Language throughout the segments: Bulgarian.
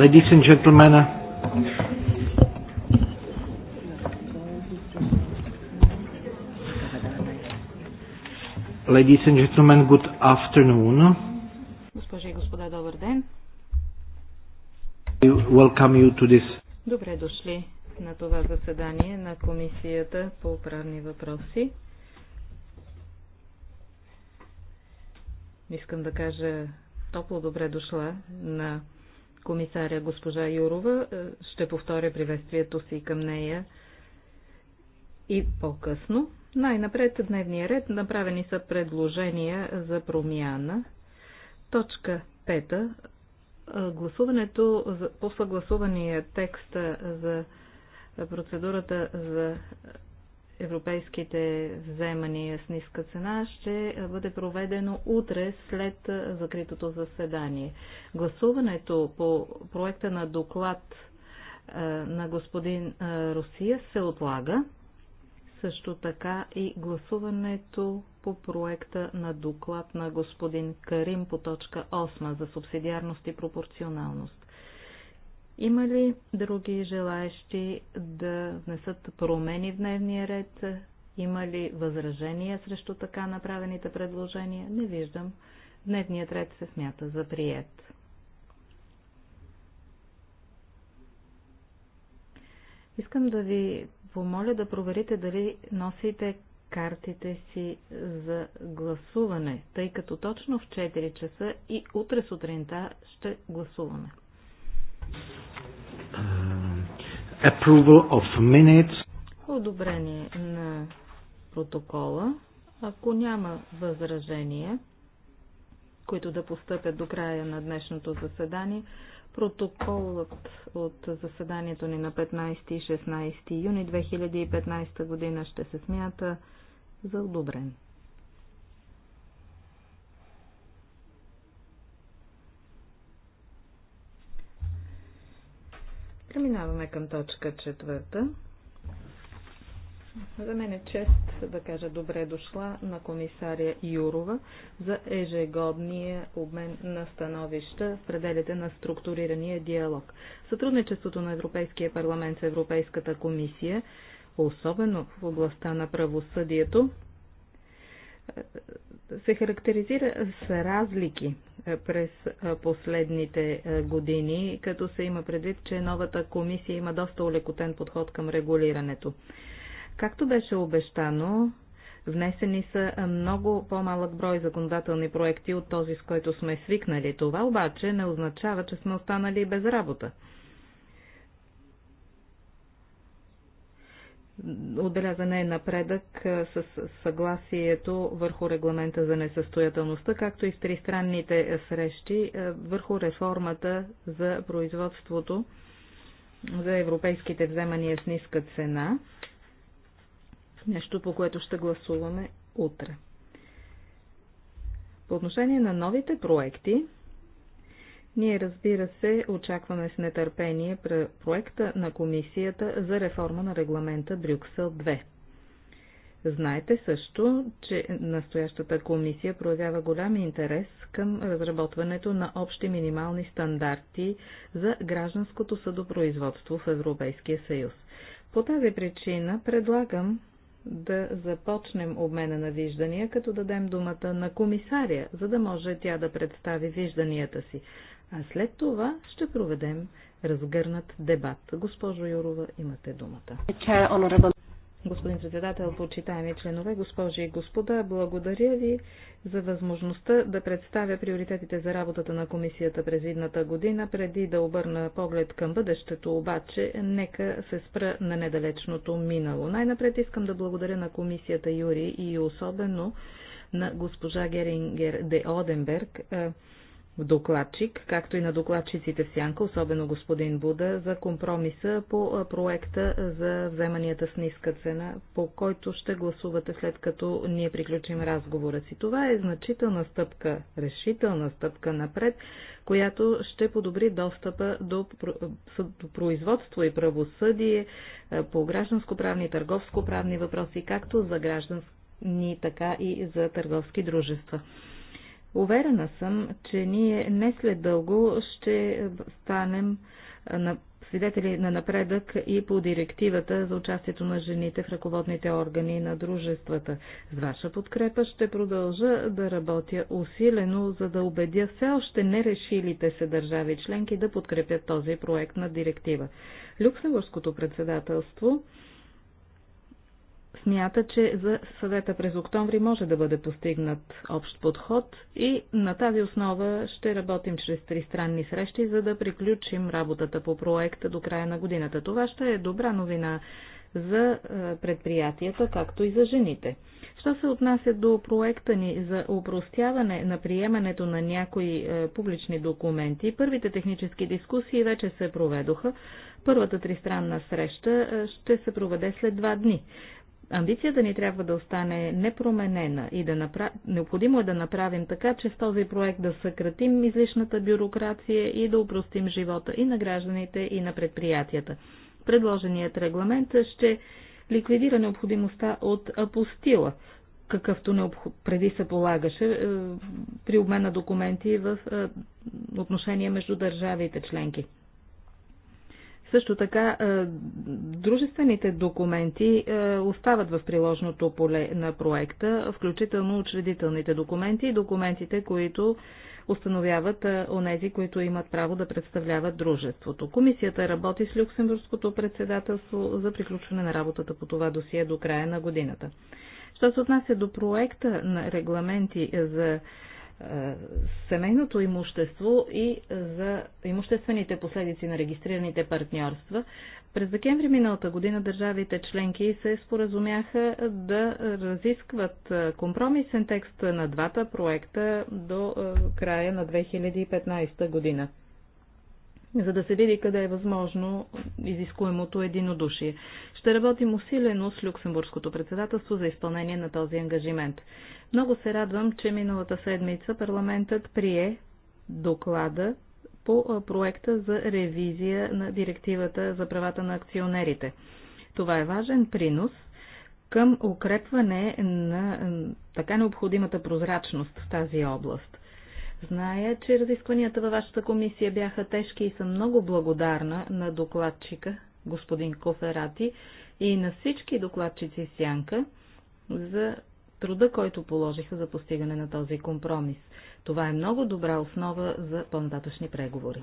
Ladies and gentlemen, Ladies and gentlemen, good afternoon. We welcome you to this. Добре дошли на това заседание на Комисията по правни въпроси. Искам да кажа топло добре дошла на комисаря госпожа Юрова. Е, ще повторя приветствието си към нея и по-късно. Най-напред дневния ред направени са предложения за промяна. Точка 5. Е, гласуването по съгласувания текст за процедурата за европейските вземания с ниска цена ще бъде проведено утре след закритото заседание. Гласуването по проекта на доклад е, на господин е, Русия се отлага. Също така и гласуването по проекта на доклад на господин Карим по точка 8 за субсидиарност и пропорционалност. Има ли други желаящи да внесат промени в дневния ред? Има ли възражения срещу така направените предложения? Не виждам. Дневният ред се смята за прият. Искам да ви помоля да проверите дали носите картите си за гласуване, тъй като точно в 4 часа и утре сутринта ще гласуваме. Uh, approval of minutes. Одобрение на протокола. Ако няма възражения, които да постъпят до края на днешното заседание, протоколът от заседанието ни на 15 и 16 юни 2015 година ще се смята за одобрен. Преминаваме към точка четвърта. За мен е чест да кажа добре дошла на комисаря Юрова за ежегодния обмен на становища в пределите на структурирания диалог. Сътрудничеството на Европейския парламент с Европейската комисия, особено в областта на правосъдието, се характеризира с разлики е, през е, последните е, години, като се има предвид, че новата комисия има доста улекотен подход към регулирането. Както беше обещано, внесени са много по-малък брой законодателни проекти от този, с който сме свикнали. Това обаче не означава, че сме останали без работа. Отбелязан е напредък с съгласието върху регламента за несъстоятелността, както и с тристранните срещи върху реформата за производството за европейските вземания с ниска цена, нещо по което ще гласуваме утре. По отношение на новите проекти, ние, разбира се, очакваме с нетърпение проекта на Комисията за реформа на регламента Брюксел 2. Знаете също, че настоящата комисия проявява голям интерес към разработването на общи минимални стандарти за гражданското съдопроизводство в Европейския съюз. По тази причина предлагам да започнем обмена на виждания, като дадем думата на комисаря, за да може тя да представи вижданията си а след това ще проведем разгърнат дебат. Госпожо Юрова, имате думата. Господин председател, почитаеми членове, госпожи и господа, благодаря ви за възможността да представя приоритетите за работата на комисията през едната година. Преди да обърна поглед към бъдещето, обаче, нека се спра на недалечното минало. Най-напред искам да благодаря на комисията Юри и особено на госпожа Герингер де Оденберг, докладчик, както и на докладчиците в Сянка, особено господин Буда, за компромиса по проекта за вземанията с ниска цена, по който ще гласувате след като ние приключим разговора си. Това е значителна стъпка, решителна стъпка напред, която ще подобри достъпа до производство и правосъдие по гражданско-правни, и търговско-правни въпроси, както за граждански ни така и за търговски дружества. Уверена съм, че ние не след дълго ще станем на свидетели на напредък и по директивата за участието на жените в ръководните органи на дружествата. С ваша подкрепа ще продължа да работя усилено, за да убедя все още нерешилите се държави членки да подкрепят този проект на директива. Люксембургското председателство смята, че за съвета през октомври може да бъде постигнат общ подход и на тази основа ще работим чрез тристранни срещи, за да приключим работата по проекта до края на годината. Това ще е добра новина за е, предприятията, както и за жените. Що се отнася до проекта ни за упростяване на приемането на някои е, публични документи, първите технически дискусии вече се проведоха. Първата тристранна среща е, ще се проведе след два дни амбицията ни трябва да остане непроменена и да напра необходимо е да направим така, че с този проект да съкратим излишната бюрокрация и да упростим живота и на гражданите, и на предприятията. Предложеният регламент ще ликвидира необходимостта от апостила, какъвто необх... преди се полагаше е, при обмен на документи в е, отношения между държавите членки. Също така, е, дружествените документи е, остават в приложното поле на проекта, включително учредителните документи и документите, които установяват е, онези, които имат право да представляват дружеството. Комисията работи с Люксембургското председателство за приключване на работата по това досие до края на годината. Що се отнася до проекта на регламенти за семейното имущество и за имуществените последици на регистрираните партньорства. През декември миналата година държавите членки се споразумяха да разискват компромисен текст на двата проекта до края на 2015 година за да се види къде е възможно изискуемото единодушие. Ще работим усилено с Люксембургското председателство за изпълнение на този ангажимент. Много се радвам, че миналата седмица парламентът прие доклада по проекта за ревизия на директивата за правата на акционерите. Това е важен принос към укрепване на така необходимата прозрачност в тази област – Зная, че разискванията във вашата комисия бяха тежки и съм много благодарна на докладчика, господин Коферати, и на всички докладчици Сянка за труда, който положиха за постигане на този компромис. Това е много добра основа за по-нататъчни преговори.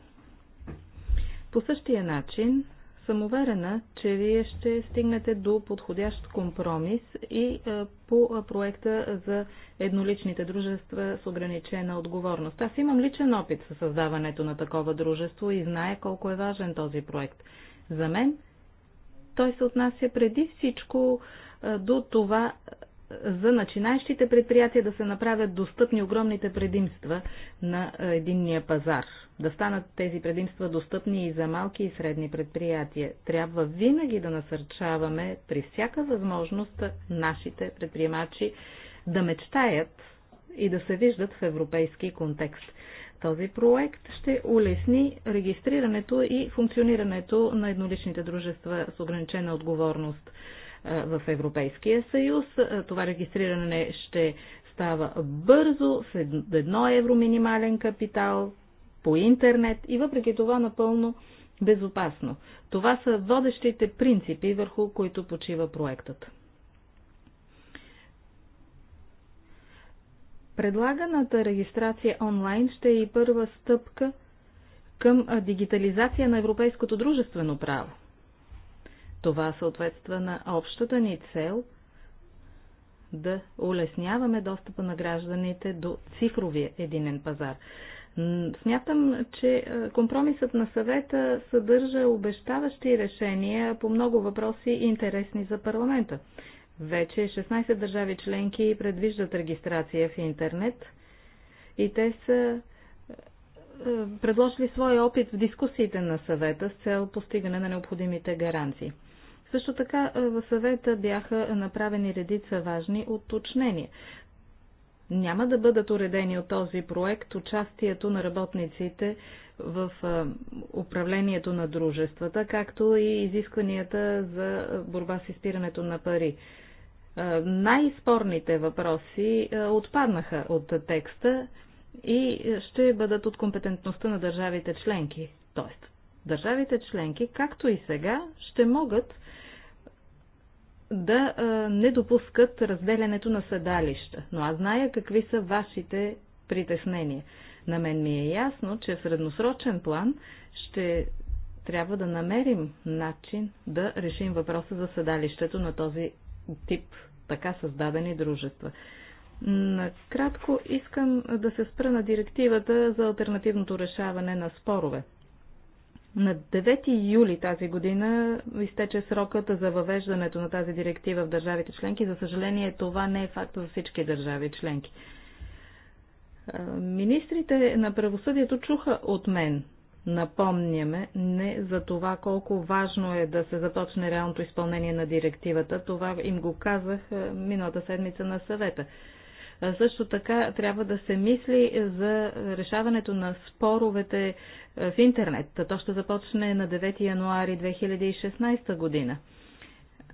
По същия начин съм уверена, че вие ще стигнете до подходящ компромис и по проекта за едноличните дружества с ограничена отговорност. Аз имам личен опит със създаването на такова дружество и знае колко е важен този проект. За мен той се отнася преди всичко до това за начинаещите предприятия да се направят достъпни огромните предимства на единния пазар. Да станат тези предимства достъпни и за малки и средни предприятия. Трябва винаги да насърчаваме при всяка възможност нашите предприемачи да мечтаят и да се виждат в европейски контекст. Този проект ще улесни регистрирането и функционирането на едноличните дружества с ограничена отговорност в Европейския съюз. Това регистриране ще става бързо, в едно евро минимален капитал, по интернет и въпреки това напълно безопасно. Това са водещите принципи, върху които почива проектът. Предлаганата регистрация онлайн ще е и първа стъпка към дигитализация на европейското дружествено право – това съответства на общата ни цел да улесняваме достъпа на гражданите до цифровия единен пазар. Смятам, че компромисът на съвета съдържа обещаващи решения по много въпроси интересни за парламента. Вече 16 държави членки предвиждат регистрация в интернет и те са предложили своя опит в дискусиите на съвета с цел постигане на необходимите гаранции. Също така е, в съвета бяха направени редица важни уточнения. Няма да бъдат уредени от този проект участието на работниците в е, управлението на дружествата, както и изискванията за борба с изпирането на пари. Е, най-спорните въпроси отпаднаха от текста и ще бъдат от компетентността на държавите членки. Тоест, държавите членки, както и сега, ще могат да не допускат разделянето на седалища. Но аз зная какви са вашите притеснения. На мен ми е ясно, че в средносрочен план ще трябва да намерим начин да решим въпроса за седалището на този тип така създадени дружества. Накратко искам да се спра на директивата за альтернативното решаване на спорове. На 9 юли тази година изтече срокът за въвеждането на тази директива в държавите членки. За съжаление, това не е факт за всички държави членки. Министрите на правосъдието чуха от мен напомняме не за това колко важно е да се започне реалното изпълнение на директивата. Това им го казах миналата седмица на съвета. Също така трябва да се мисли за решаването на споровете е, в интернет. То ще започне на 9 януари 2016 година.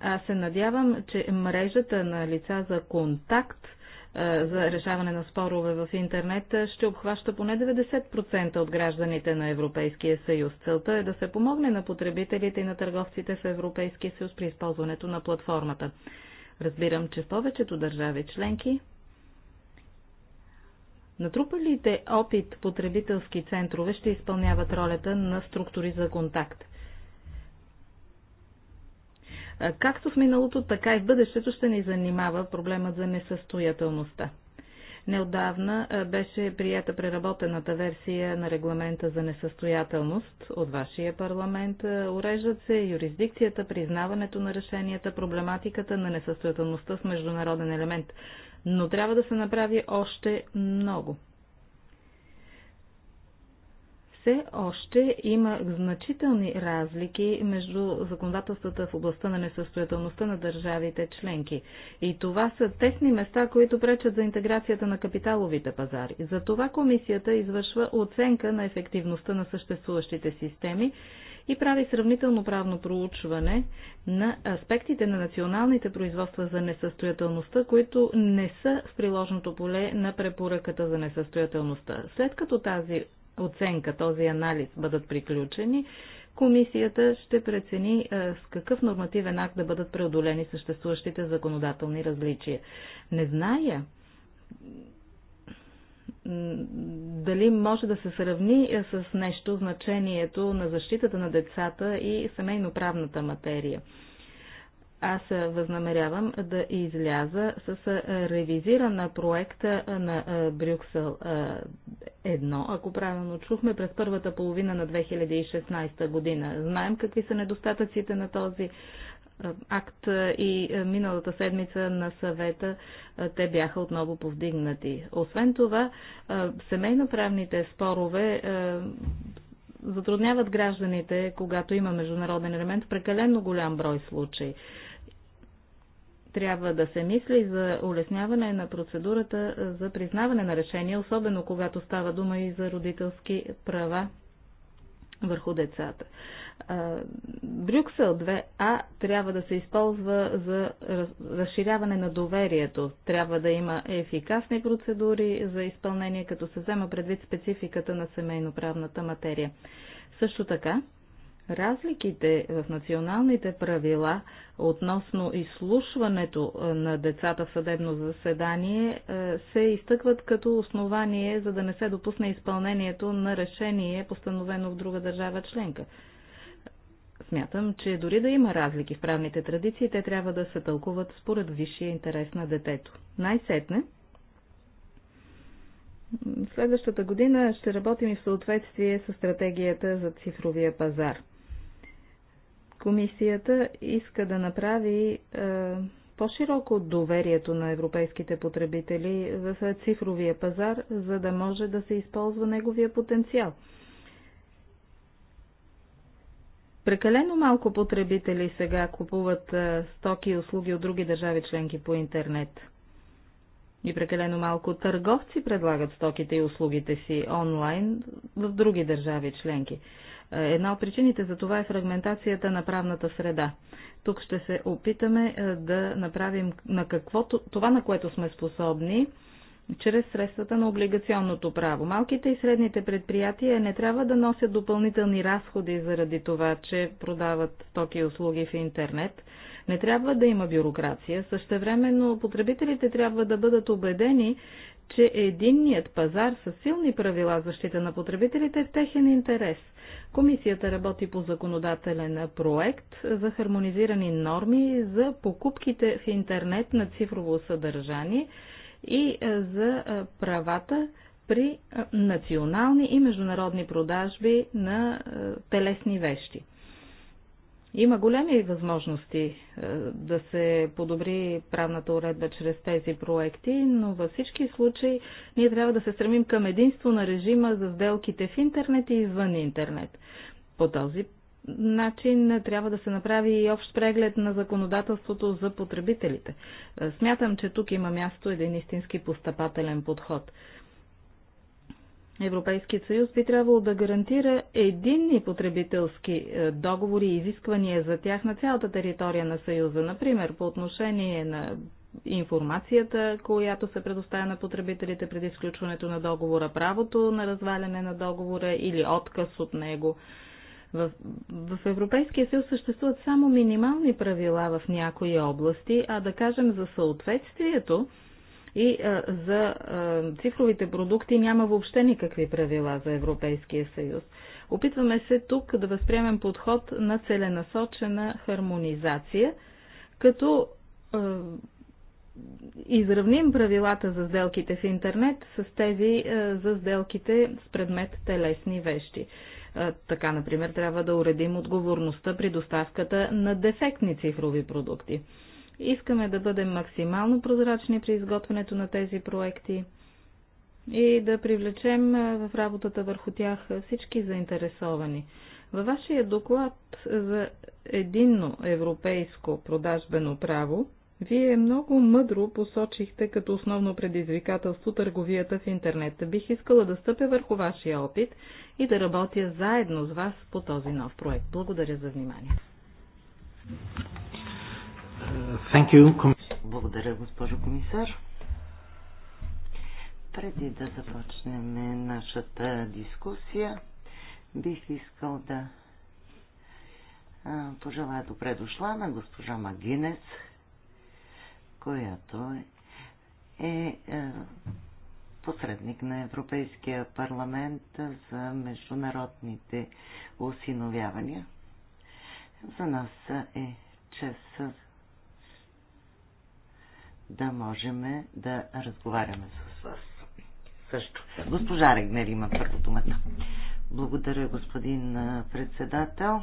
Аз се надявам, че мрежата на лица за контакт е, за решаване на спорове в интернет е, ще обхваща поне 90% от гражданите на Европейския съюз. Целта е да се помогне на потребителите и на търговците в Европейския съюз при използването на платформата. Разбирам, че в повечето държави членки Натрупалите опит потребителски центрове ще изпълняват ролята на структури за контакт. Както в миналото, така и в бъдещето ще ни занимава проблемът за несъстоятелността. Неодавна беше прията преработената версия на регламента за несъстоятелност от вашия парламент. Уреждат се юрисдикцията, признаването на решенията, проблематиката на несъстоятелността с международен елемент но трябва да се направи още много. Все още има значителни разлики между законодателствата в областта на несъстоятелността на държавите членки. И това са тесни места, които пречат за интеграцията на капиталовите пазари. Затова комисията извършва оценка на ефективността на съществуващите системи и прави сравнително правно проучване на аспектите на националните производства за несъстоятелността, които не са в приложното поле на препоръката за несъстоятелността. След като тази оценка, този анализ бъдат приключени, комисията ще прецени с какъв нормативен акт да бъдат преодолени съществуващите законодателни различия. Не зная дали може да се сравни е, с нещо значението на защитата на децата и семейноправната материя. Аз е, възнамерявам да изляза с е, ревизирана проекта на Брюксел 1, ако правилно чухме, през първата половина на 2016 година. Знаем какви са недостатъците на този акт и миналата седмица на съвета те бяха отново повдигнати. Освен това, семейноправните спорове затрудняват гражданите, когато има международен елемент, прекалено голям брой случаи. Трябва да се мисли за улесняване на процедурата за признаване на решения, особено когато става дума и за родителски права върху децата. Брюксел 2А трябва да се използва за разширяване на доверието. Трябва да има ефикасни процедури за изпълнение, като се взема предвид спецификата на семейноправната материя. Също така, Разликите в националните правила относно изслушването на децата в съдебно заседание се изтъкват като основание, за да не се допусне изпълнението на решение, постановено в друга държава членка. Смятам, че дори да има разлики в правните традиции, те трябва да се тълкуват според висшия интерес на детето. Най-сетне, следващата година ще работим и в съответствие с стратегията за цифровия пазар. Комисията иска да направи е, по-широко доверието на европейските потребители в цифровия пазар, за да може да се използва неговия потенциал – Прекалено малко потребители сега купуват стоки и услуги от други държави членки по интернет. И прекалено малко търговци предлагат стоките и услугите си онлайн в други държави членки. Една от причините за това е фрагментацията на правната среда. Тук ще се опитаме да направим на каквото, това, на което сме способни, чрез средствата на облигационното право. Малките и средните предприятия не трябва да носят допълнителни разходи заради това, че продават стоки и услуги в интернет. Не трябва да има бюрокрация. Същевременно потребителите трябва да бъдат убедени, че единният пазар с силни правила защита на потребителите е в техен интерес. Комисията работи по законодателен проект за хармонизирани норми за покупките в интернет на цифрово съдържание – и е, за е, правата при е, национални и международни продажби на телесни вещи. Има големи възможности да се подобри правната уредба чрез тези проекти, но във всички случаи ние трябва да се стремим към единство на режима за сделките в интернет и извън интернет. По този начин трябва да се направи и общ преглед на законодателството за потребителите. Е, смятам, че тук има място един истински постъпателен подход. Европейският съюз би трябвало да гарантира единни потребителски е, договори и изисквания за тях на цялата територия на Съюза, например по отношение на информацията, която се предоставя на потребителите преди изключването на договора, правото на разваляне на договора или отказ от него, в, в Европейския съюз съществуват само минимални правила в някои области, а да кажем за съответствието и а, за а, цифровите продукти няма въобще никакви правила за Европейския съюз. Опитваме се тук да възприемем подход на целенасочена хармонизация, като изравним правилата за сделките в интернет с тези е, за сделките с предмет телесни вещи. Е, така, например, трябва да уредим отговорността при доставката на дефектни цифрови продукти. Искаме да бъдем максимално прозрачни при изготвянето на тези проекти и да привлечем е, в работата върху тях всички заинтересовани. Във вашия доклад за единно европейско продажбено право вие много мъдро посочихте като основно предизвикателство търговията в интернет. Бих искала да стъпя върху вашия опит и да работя заедно с вас по този нов проект. Благодаря за внимание. Благодаря, госпожо комисар. Преди да започнем нашата дискусия, бих искал да пожелая добре дошла на госпожа Магинец, която е, е посредник на Европейския парламент за международните осиновявания. За нас е чест да можем да разговаряме с вас. Също. Госпожа Регнер има първо думата. Благодаря, господин председател.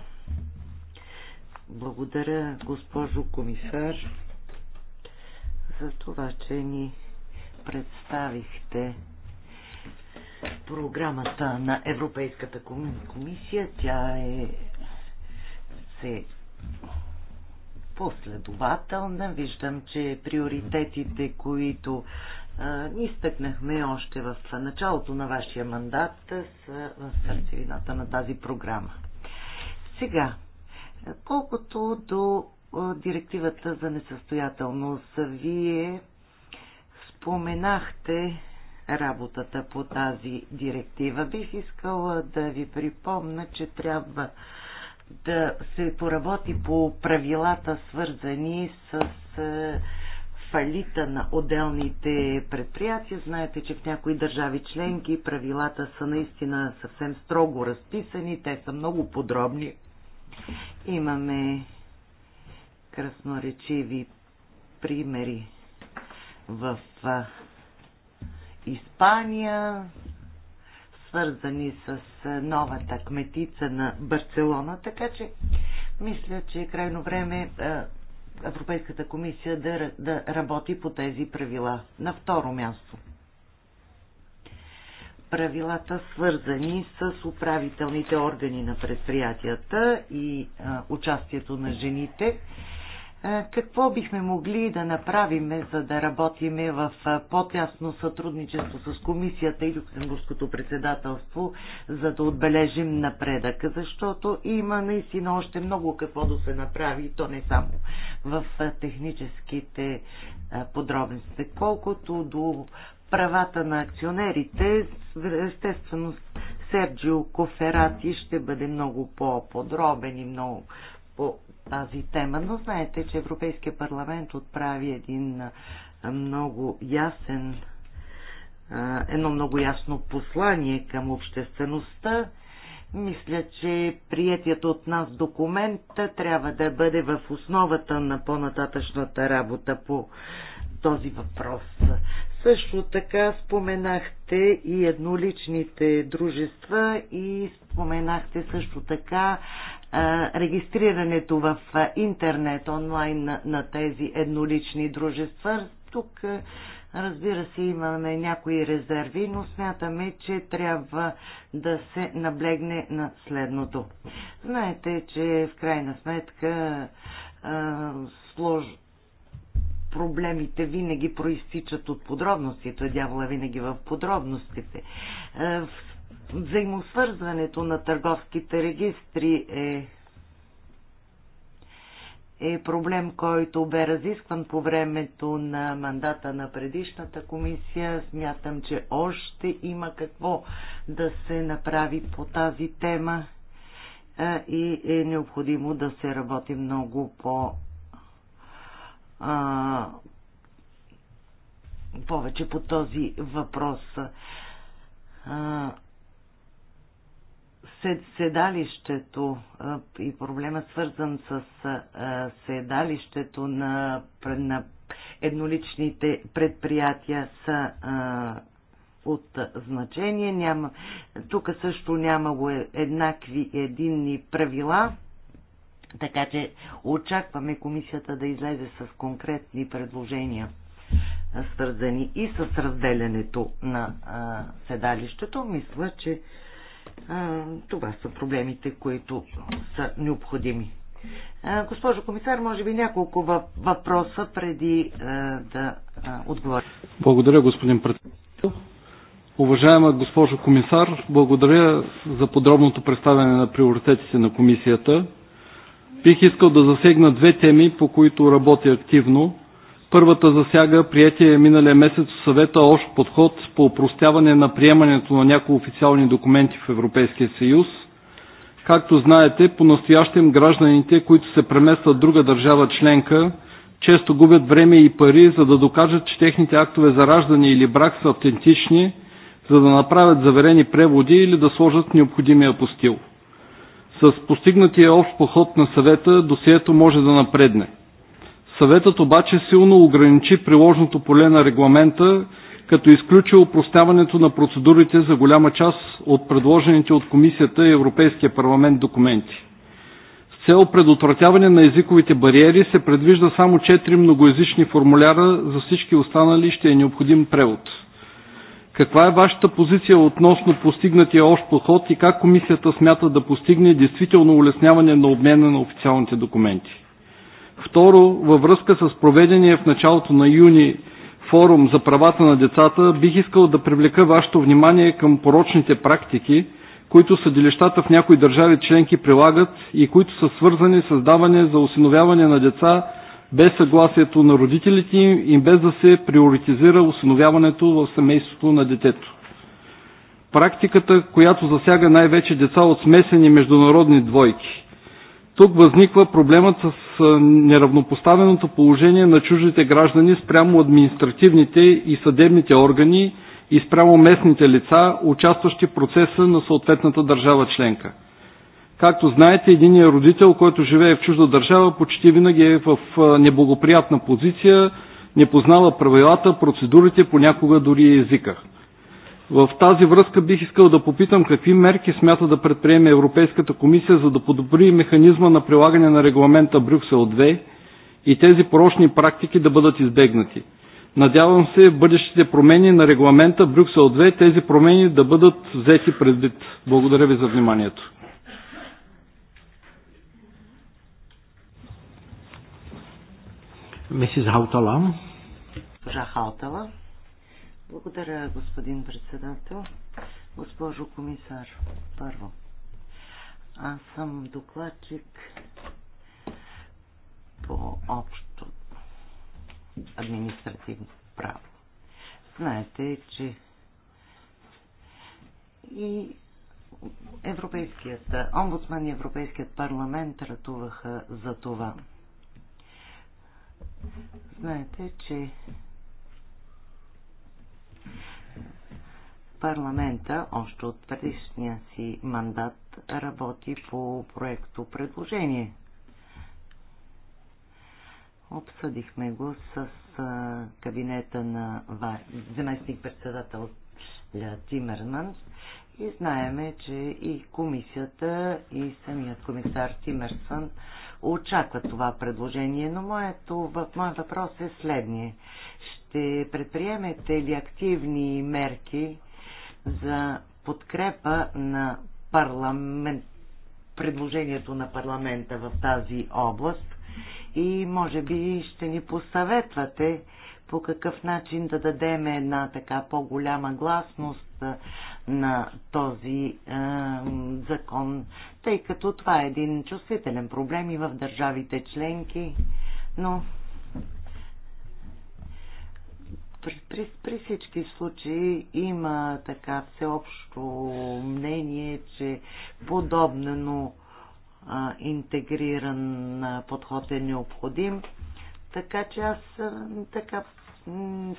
Благодаря, госпожо комисар за това, че ни представихте програмата на Европейската комисия. Тя е се последователна. Виждам, че приоритетите, които ни стъкнахме още в началото на вашия мандат са в сърцевината на тази програма. Сега, колкото до директивата за несъстоятелност. Вие споменахте работата по тази директива. Бих искала да ви припомна, че трябва да се поработи по правилата, свързани с е, фалита на отделните предприятия. Знаете, че в някои държави членки правилата са наистина съвсем строго разписани, те са много подробни. Имаме красноречиви примери в Испания, свързани с новата кметица на Барселона, така че мисля, че е крайно време Европейската комисия да, да работи по тези правила. На второ място. Правилата свързани с управителните органи на предприятията и а, участието на жените е, какво бихме могли да направим, за да работиме в е, по-тясно сътрудничество с комисията и Люксембургското председателство, за да отбележим напредък? Защото има наистина още много какво да се направи, то не само в е, техническите подробности. Колкото до правата на акционерите, естествено Серджио Коферати ще бъде много по-подробен и много по тази тема, но знаете, че Европейския парламент отправи един много ясен, едно много ясно послание към обществеността. Мисля, че приятият от нас документ трябва да бъде в основата на по-нататъчната работа по този въпрос. Също така споменахте и едноличните дружества и споменахте също така регистрирането в интернет онлайн на, на тези еднолични дружества. Тук, разбира се, имаме някои резерви, но смятаме, че трябва да се наблегне на следното. Знаете, че в крайна сметка а, слож... проблемите винаги проистичат от подробностите. Дявола винаги в подробностите. А, взаимосвързването на търговските регистри е, е проблем, който бе разискван по времето на мандата на предишната комисия. Смятам, че още има какво да се направи по тази тема и е необходимо да се работи много по а, повече по този въпрос. А, седалището и проблема свързан с седалището на, на едноличните предприятия са от значение. Няма, тук също няма го е, еднакви единни правила, така че очакваме комисията да излезе с конкретни предложения свързани и с разделянето на а, седалището. Мисля, че това са проблемите, които са необходими. Госпожо комисар, може би няколко въпроса преди да отговоря. Благодаря, господин председател. Уважаема госпожо комисар, благодаря за подробното представяне на приоритетите на комисията. Бих искал да засегна две теми, по които работя активно Първата засяга приятие миналия месец в съвета общ подход по упростяване на приемането на някои официални документи в Европейския съюз. Както знаете, по-настоящем гражданите, които се преместват в друга държава членка, често губят време и пари, за да докажат, че техните актове за раждане или брак са автентични, за да направят заверени преводи или да сложат необходимия апостил. С постигнатия общ подход на съвета досието може да напредне – Съветът обаче силно ограничи приложното поле на регламента, като изключи упростяването на процедурите за голяма част от предложените от Комисията и Европейския парламент документи. С цел предотвратяване на езиковите бариери се предвижда само 4 многоязични формуляра, за всички останали ще е необходим превод. Каква е вашата позиция относно постигнатия общ подход и как комисията смята да постигне действително улесняване на обмена на официалните документи? Второ, във връзка с проведения в началото на юни форум за правата на децата, бих искал да привлека вашето внимание към порочните практики, които съдилищата в някои държави членки прилагат и които са свързани с даване за осиновяване на деца без съгласието на родителите им и без да се приоритизира осиновяването в семейството на детето. Практиката, която засяга най-вече деца от смесени международни двойки, тук възниква проблемът с неравнопоставеното положение на чуждите граждани спрямо административните и съдебните органи и спрямо местните лица, участващи в процеса на съответната държава членка. Както знаете, единият родител, който живее в чужда държава, почти винаги е в неблагоприятна позиция, не познава правилата, процедурите, понякога дори и езика. В тази връзка бих искал да попитам какви мерки смята да предприеме Европейската комисия, за да подобри механизма на прилагане на регламента Брюксел 2 и тези порочни практики да бъдат избегнати. Надявам се в бъдещите промени на регламента Брюксел 2 тези промени да бъдат взети предвид. Благодаря ви за вниманието. Mrs. Hautala. Госпожа Халтала. Благодаря, господин председател. Госпожо комисар, първо. Аз съм докладчик по общо административно право. Знаете, че и Европейският омбудсман и Европейският парламент ратуваха за това. Знаете, че парламента още от предишния си мандат работи по проекто предложение. Обсъдихме го с кабинета на заместник-председател Тимерман и знаеме, че и комисията, и самият комисар Тимерсън очаква това предложение, но моето, моят въпрос е следния. Ще предприемете ли активни мерки за подкрепа на парламент, предложението на парламента в тази област и може би ще ни посъветвате по какъв начин да дадем една така по-голяма гласност на този е, закон, тъй като това е един чувствителен проблем и в държавите членки, но при, при, при всички случаи има така всеобщо мнение, че подобно а, интегриран а, подход е необходим. Така че аз а, така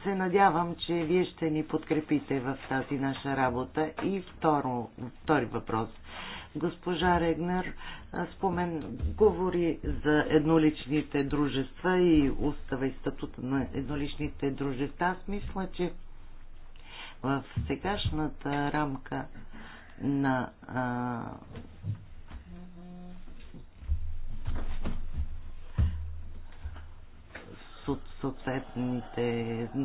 се надявам, че вие ще ни подкрепите в тази наша работа. И второ, втори въпрос. А, Госпожа Регнер спомен, говори за едноличните дружества и устава и статута на едноличните дружества. Аз мисля, че в сегашната рамка на а,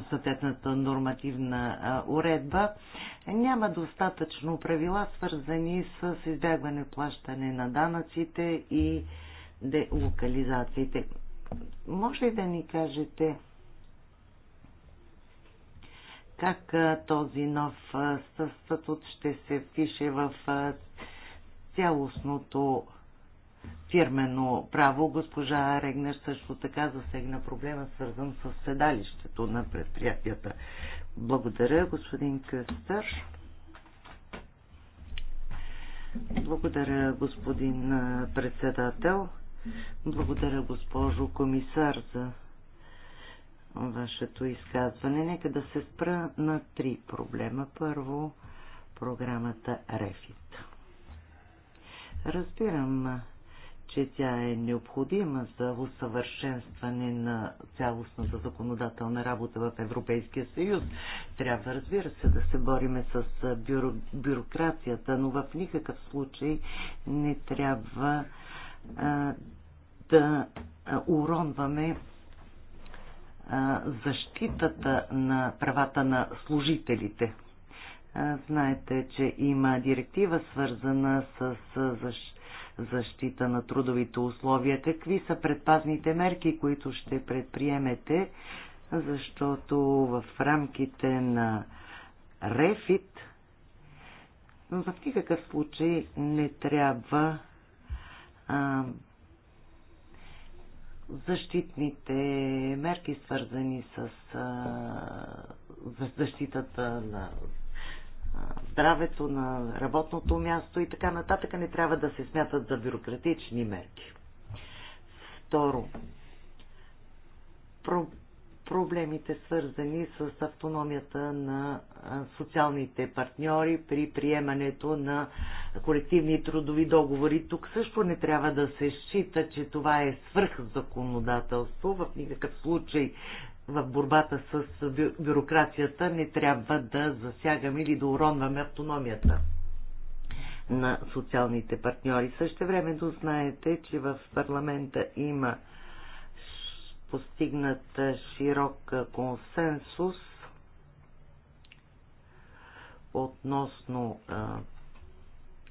съответната нормативна уредба, няма достатъчно правила, свързани с избягване плащане на данъците и делокализациите. Може ли да ни кажете как този нов статут ще се впише в цялостното фирмено право. Госпожа Регнер също така засегна проблема, свързан с седалището на предприятията. Благодаря, господин Кръстър. Благодаря, господин председател. Благодаря, госпожо комисар, за вашето изказване. Нека да се спра на три проблема. Първо, програмата Рефит. Разбирам че тя е необходима за усъвършенстване на цялостната законодателна работа в Европейския съюз. Трябва, разбира се, да се бориме с бюро, бюрокрацията, но в никакъв случай не трябва а, да уронваме а, защитата на правата на служителите. Знаете, че има директива свързана с защита защита на трудовите условия. Какви са предпазните мерки, които ще предприемете, защото в рамките на Рефит в никакъв случай не трябва а, защитните мерки, свързани с а, защитата на здравето, на работното място и така нататък не трябва да се смятат за бюрократични мерки. Второ, про- проблемите свързани с автономията на социалните партньори при приемането на колективни трудови договори. Тук също не трябва да се счита, че това е свръхзаконодателство. В никакъв случай в борбата с бюрокрацията не трябва да засягаме или да уронваме автономията на социалните партньори. Също да знаете, че в парламента има постигнат широк консенсус относно а,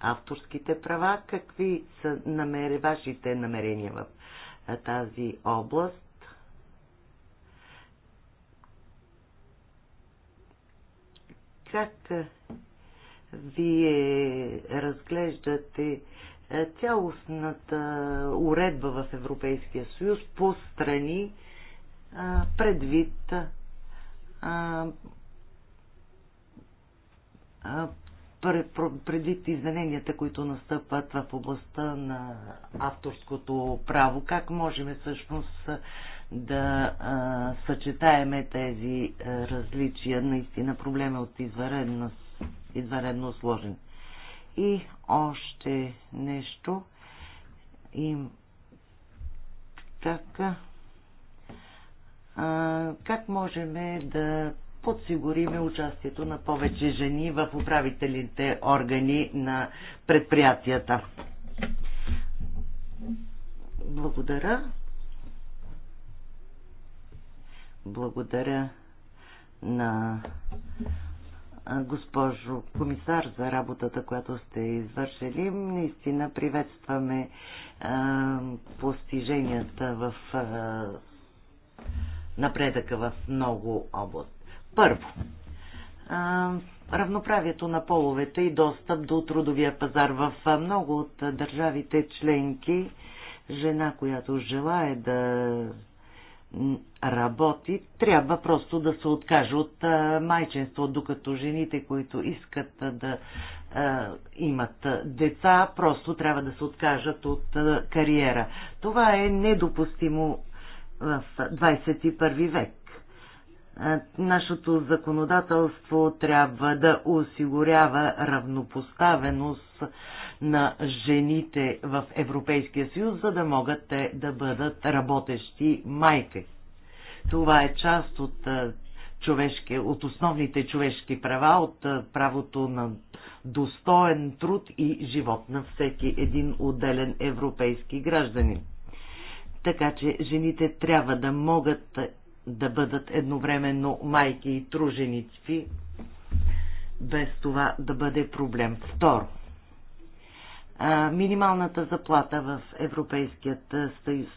авторските права. Какви са намери, вашите намерения в а, тази област? как вие разглеждате е, цялостната уредба в Европейския съюз по страни е, предвид е, предвид измененията, които настъпват в областта на авторското право, как можем всъщност да а, съчетаеме тези а, различия. Наистина проблема е от изваредно, изваредно сложен. И още нещо. И така. А, как можем да подсигуриме участието на повече жени в управителните органи на предприятията? Благодаря. Благодаря на госпожо комисар за работата, която сте извършили. Наистина приветстваме а, постиженията в а, напредъка в много област. Първо, а, равноправието на половете и достъп до трудовия пазар в много от държавите членки. Жена, която желае да работи, трябва просто да се откаже от майчинство, докато жените, които искат да имат деца, просто трябва да се откажат от кариера. Това е недопустимо в 21 век. Нашето законодателство трябва да осигурява равнопоставеност на жените в Европейския съюз, за да могат те да бъдат работещи майки. Това е част от, човешки, от основните човешки права, от правото на достоен труд и живот на всеки един отделен европейски гражданин. Така че жените трябва да могат да бъдат едновременно майки и труженици, без това да бъде проблем. Второ, минималната заплата в Европейският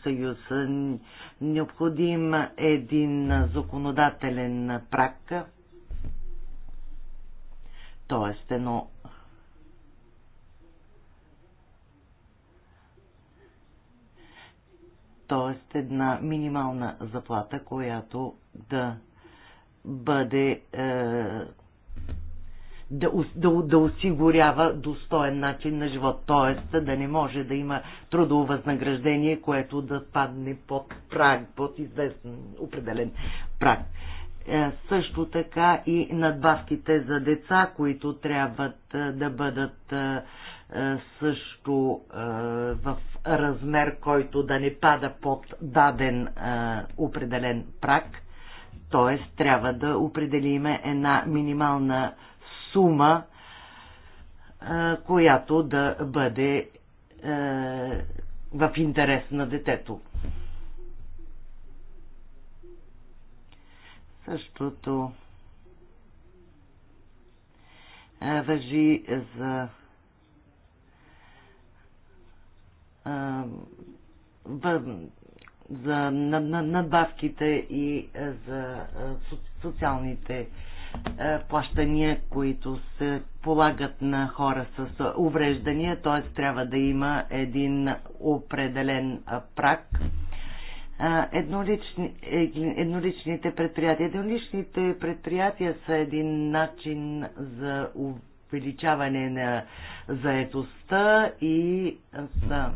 съюз. Необходим един законодателен прак, т.е. едно т.е. една минимална заплата, която да бъде е, да, да, да осигурява достоен начин на живот, т.е. да не може да има трудово възнаграждение, което да падне под праг, под известен определен праг. Е, също така и надбавките за деца, които трябва е, да бъдат е, също в размер, който да не пада под даден определен праг. Т.е. трябва да определиме една минимална сума, е, която да бъде е, в интерес на детето. Същото е, въжи за за надбавките и за социалните е, плащания, които се полагат на хора с увреждания, т.е. трябва да има един определен прак. Еднолични, едноличните предприятия. Едноличните предприятия са един начин за увеличаване на заетостта и са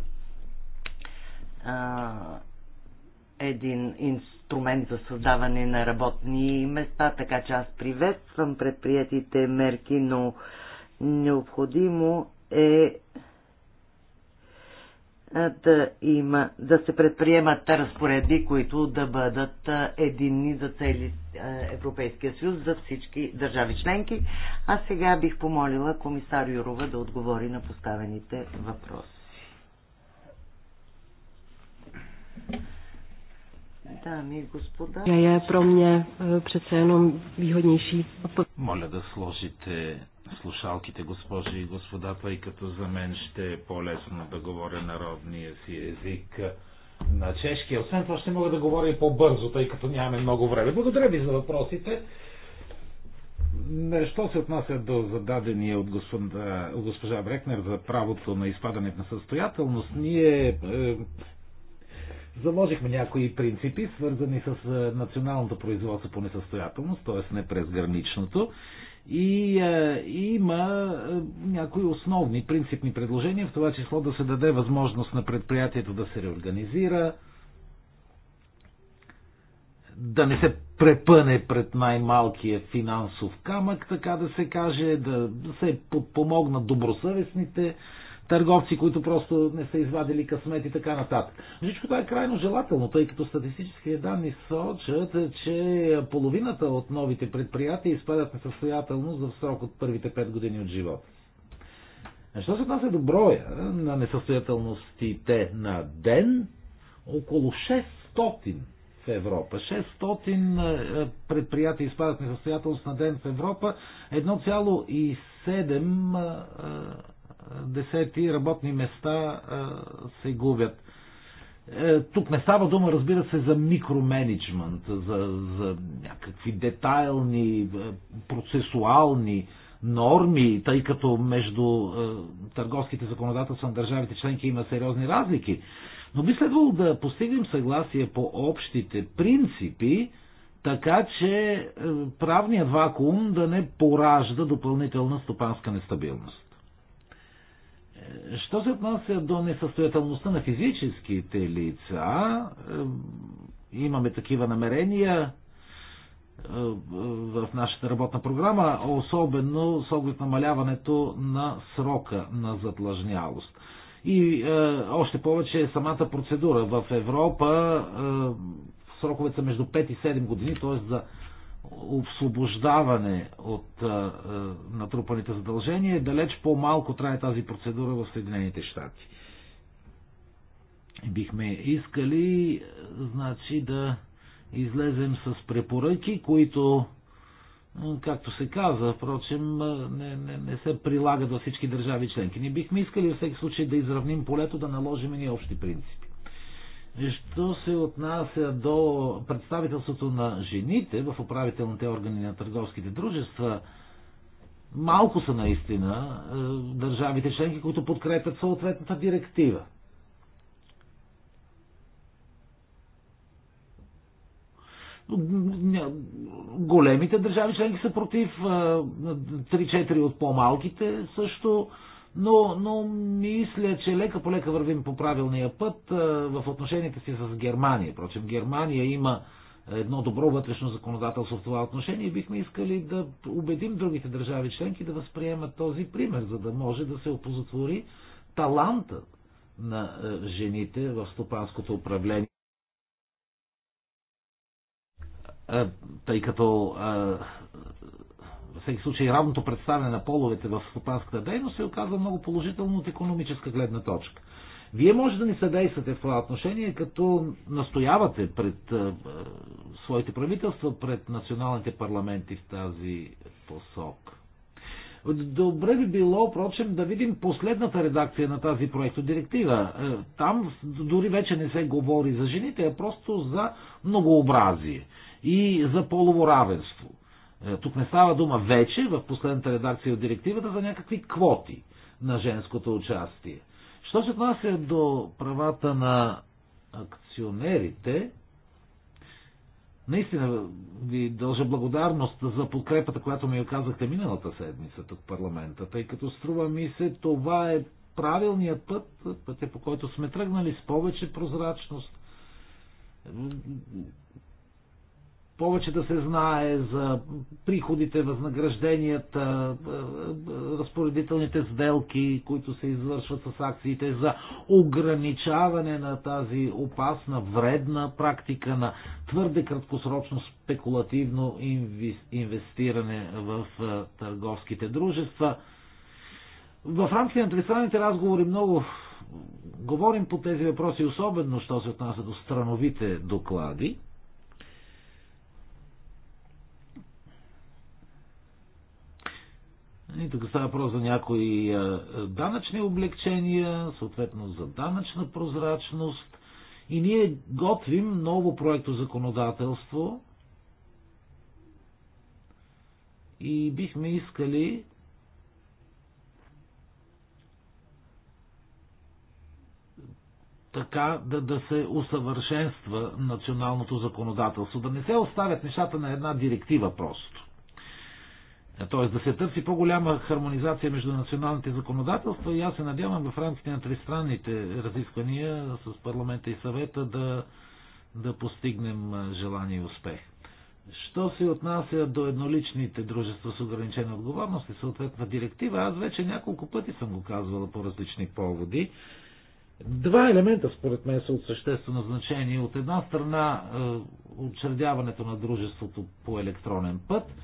един инструмент за създаване на работни места, така че аз приветствам предприятите мерки, но необходимо е да има, да се предприемат разпореди, които да бъдат единни за цели Европейския съюз, за всички държави членки. А сега бих помолила комисар Юрова да отговори на поставените въпроси. Дами и господа. Я е про мне přece jenom výhodnější. Моля да сложите слушалките, госпожи и господа, тъй като за мен ще е по-лесно да говоря народния си език на чешки. Освен това ще мога да говоря и по-бързо, тъй като нямаме много време. Благодаря ви за въпросите. Що се отнася до зададения от госпожа Брекнер за правото на изпадане на състоятелност, ние Заложихме някои принципи, свързани с е, националното производство по несъстоятелност, т.е. не през граничното. И е, има е, някои основни принципни предложения, в това число да се даде възможност на предприятието да се реорганизира, да не се препъне пред най-малкия финансов камък, така да се каже, да се помогнат добросъвестните търговци, които просто не са извадили късмет и така нататък. Всичко това е крайно желателно, тъй като статистическите данни сочат, че половината от новите предприятия изпадат несъстоятелност в срок от първите 5 години от живота. Що се отнася до броя на несъстоятелностите на ден, около 600 в Европа. 600 е, предприятия изпадат несъстоятелност на ден в Европа, 1,7 Десети работни места се губят. Е, тук не става дума, разбира се, за микроменеджмент, за, за някакви детайлни, е, процесуални норми, тъй като между е, търговските законодателства на държавите членки има сериозни разлики. Но би следвало да постигнем съгласие по общите принципи, така че правният вакуум да не поражда допълнителна стопанска нестабилност. Що се отнася до несъстоятелността на физическите лица, е, имаме такива намерения е, в нашата работна програма, особено с оглед намаляването на срока на задлъжнялост. И е, още повече самата процедура. В Европа е, сроковете са между 5 и 7 години, т.е. за освобождаване от натрупаните задължения, далеч по-малко трае тази процедура в Съединените щати. Бихме искали, значи, да излезем с препоръки, които, както се каза, впрочем, не, не, не се прилагат във всички държави членки. Ние бихме искали във всеки случай да изравним полето, да наложим и общи принципи. И що се отнася до представителството на жените в управителните органи на търговските дружества, малко са наистина е, държавите членки, които подкрепят съответната директива. Големите държави членки са против, 3-4 е, от по-малките също но, но мисля, че лека по лека вървим по правилния път в отношенията си с Германия. Впрочем, Германия има едно добро вътрешно законодателство в това отношение и бихме искали да убедим другите държави членки да възприемат този пример, за да може да се опозотвори таланта на жените в стопанското управление. Тъй като всеки случай равното представяне на половете в стопанската дейност се оказва много положително от економическа гледна точка. Вие може да ни съдействате в това отношение, като настоявате пред е, своите правителства, пред националните парламенти в тази посок. Добре би било, впрочем, да видим последната редакция на тази проектодиректива. Е, там дори вече не се говори за жените, а просто за многообразие и за половоравенство. Е, тук не става дума вече, в последната редакция от директивата, за някакви квоти на женското участие. Що се отнася до правата на акционерите, наистина ви дължа благодарност за подкрепата, която ми оказахте миналата седмица тук в парламента, тъй като струва ми се, това е правилният път, пътя по който сме тръгнали с повече прозрачност, повече да се знае за приходите, възнагражденията, е, е, разпоредителните сделки, които се извършват с акциите, за ограничаване на тази опасна, вредна практика на твърде краткосрочно спекулативно инвестиране в е, търговските дружества. В рамките на тристранните разговори много говорим по тези въпроси, особено що се отнася до страновите доклади И нали, тук става въпрос за някои данъчни облегчения, съответно за данъчна прозрачност. И ние готвим ново проекто законодателство и бихме искали така да, да се усъвършенства националното законодателство, да не се оставят нещата на една директива просто. Тоест да се търси по-голяма хармонизация между националните законодателства и аз се надявам в рамките на тристранните разисквания с парламента и съвета да, да постигнем желания успех. Що се отнася до едноличните дружества с ограничена отговорност и съответна директива, аз вече няколко пъти съм го казвала по различни поводи. Два елемента според мен са от съществено значение. От една страна учредяването на дружеството по електронен път –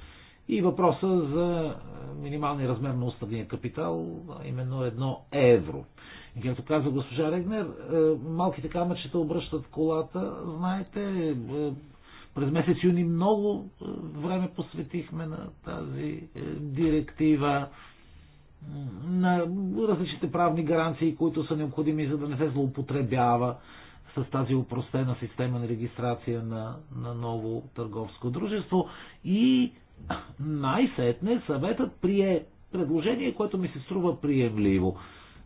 и въпроса за е, минималния размер на уставния капитал, а именно едно евро. И както каза госпожа Регнер, е, малките камъчета обръщат колата, знаете, е, през месец юни много време посветихме на тази директива, на различните правни гаранции, които са необходими, за да не се злоупотребява с тази упростена система на регистрация на, на ново търговско дружество и най-сетне съветът прие предложение, което ми се струва приемливо,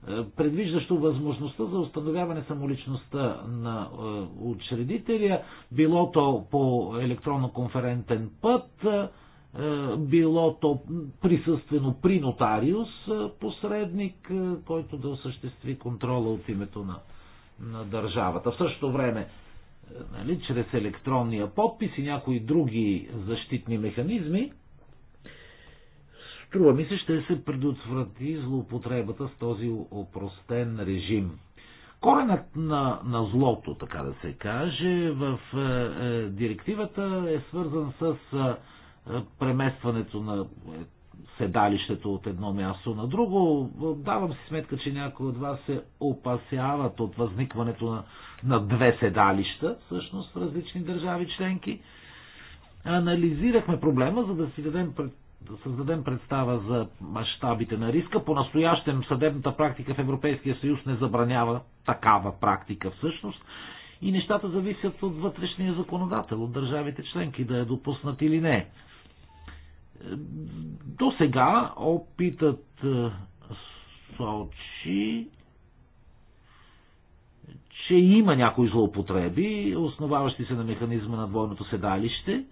е, предвиждащо възможността за установяване самоличността на е, учредителя, било то по електронно-конферентен път, е, било то присъствено при нотариус посредник, който да осъществи контрола от името на, на държавата. В същото време нали, чрез електронния подпис и някои други защитни механизми, струва ми се, ще се предотврати злоупотребата с този опростен режим. Коренът на, на злото, така да се каже, в е, е, директивата е свързан с е, преместването на е, седалището от едно място на друго. Давам си сметка, че някои от вас се опасяват от възникването на на две седалища, всъщност, в различни държави членки. Анализирахме проблема, за да си дадем пред да създадем представа за мащабите на риска. По-настоящем съдебната практика в Европейския съюз не забранява такава практика всъщност и нещата зависят от вътрешния законодател, от държавите членки, да е допуснат или не. До сега опитът е, сочи, че има някои злоупотреби, основаващи се на механизма на двойното седалище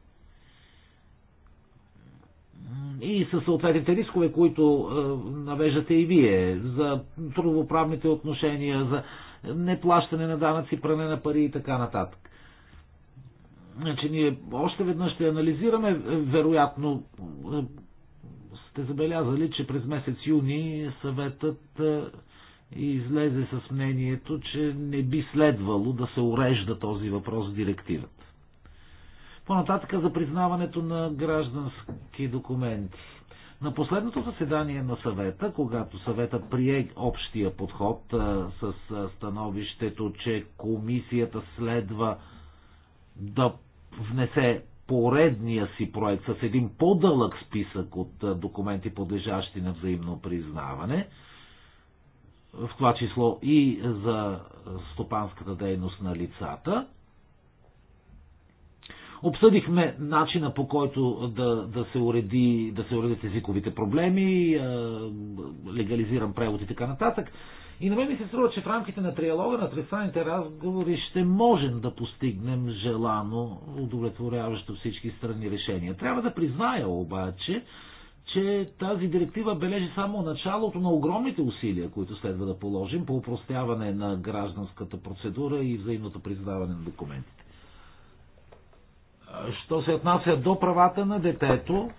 и със съответните рискове, които е, навеждате и вие, за трудовоправните отношения, за неплащане на данъци, пране на пари и така нататък. Значи ние още веднъж ще анализираме, вероятно е, сте забелязали, че през месец юни съветът е, и излезе с мнението, че не би следвало да се урежда този въпрос в директивата. по нататък за признаването на граждански документи. На последното заседание на съвета, когато съвета прие общия подход с становището, че комисията следва да внесе поредния си проект с един по-дълъг списък от документи, подлежащи на взаимно признаване, в това число и за стопанската дейност на лицата. Обсъдихме начина по който да, да, се, уреди, да се уредят езиковите проблеми, легализиран превод и така нататък. И на мен ми се струва, че в рамките на триалога, на тристранните разговори ще можем да постигнем желано, удовлетворяващо всички страни решения. Трябва да призная обаче, че тази директива бележи само началото на огромните усилия, които следва да положим по упростяване на гражданската процедура и взаимното признаване на документите. Що се отнася до правата на детето,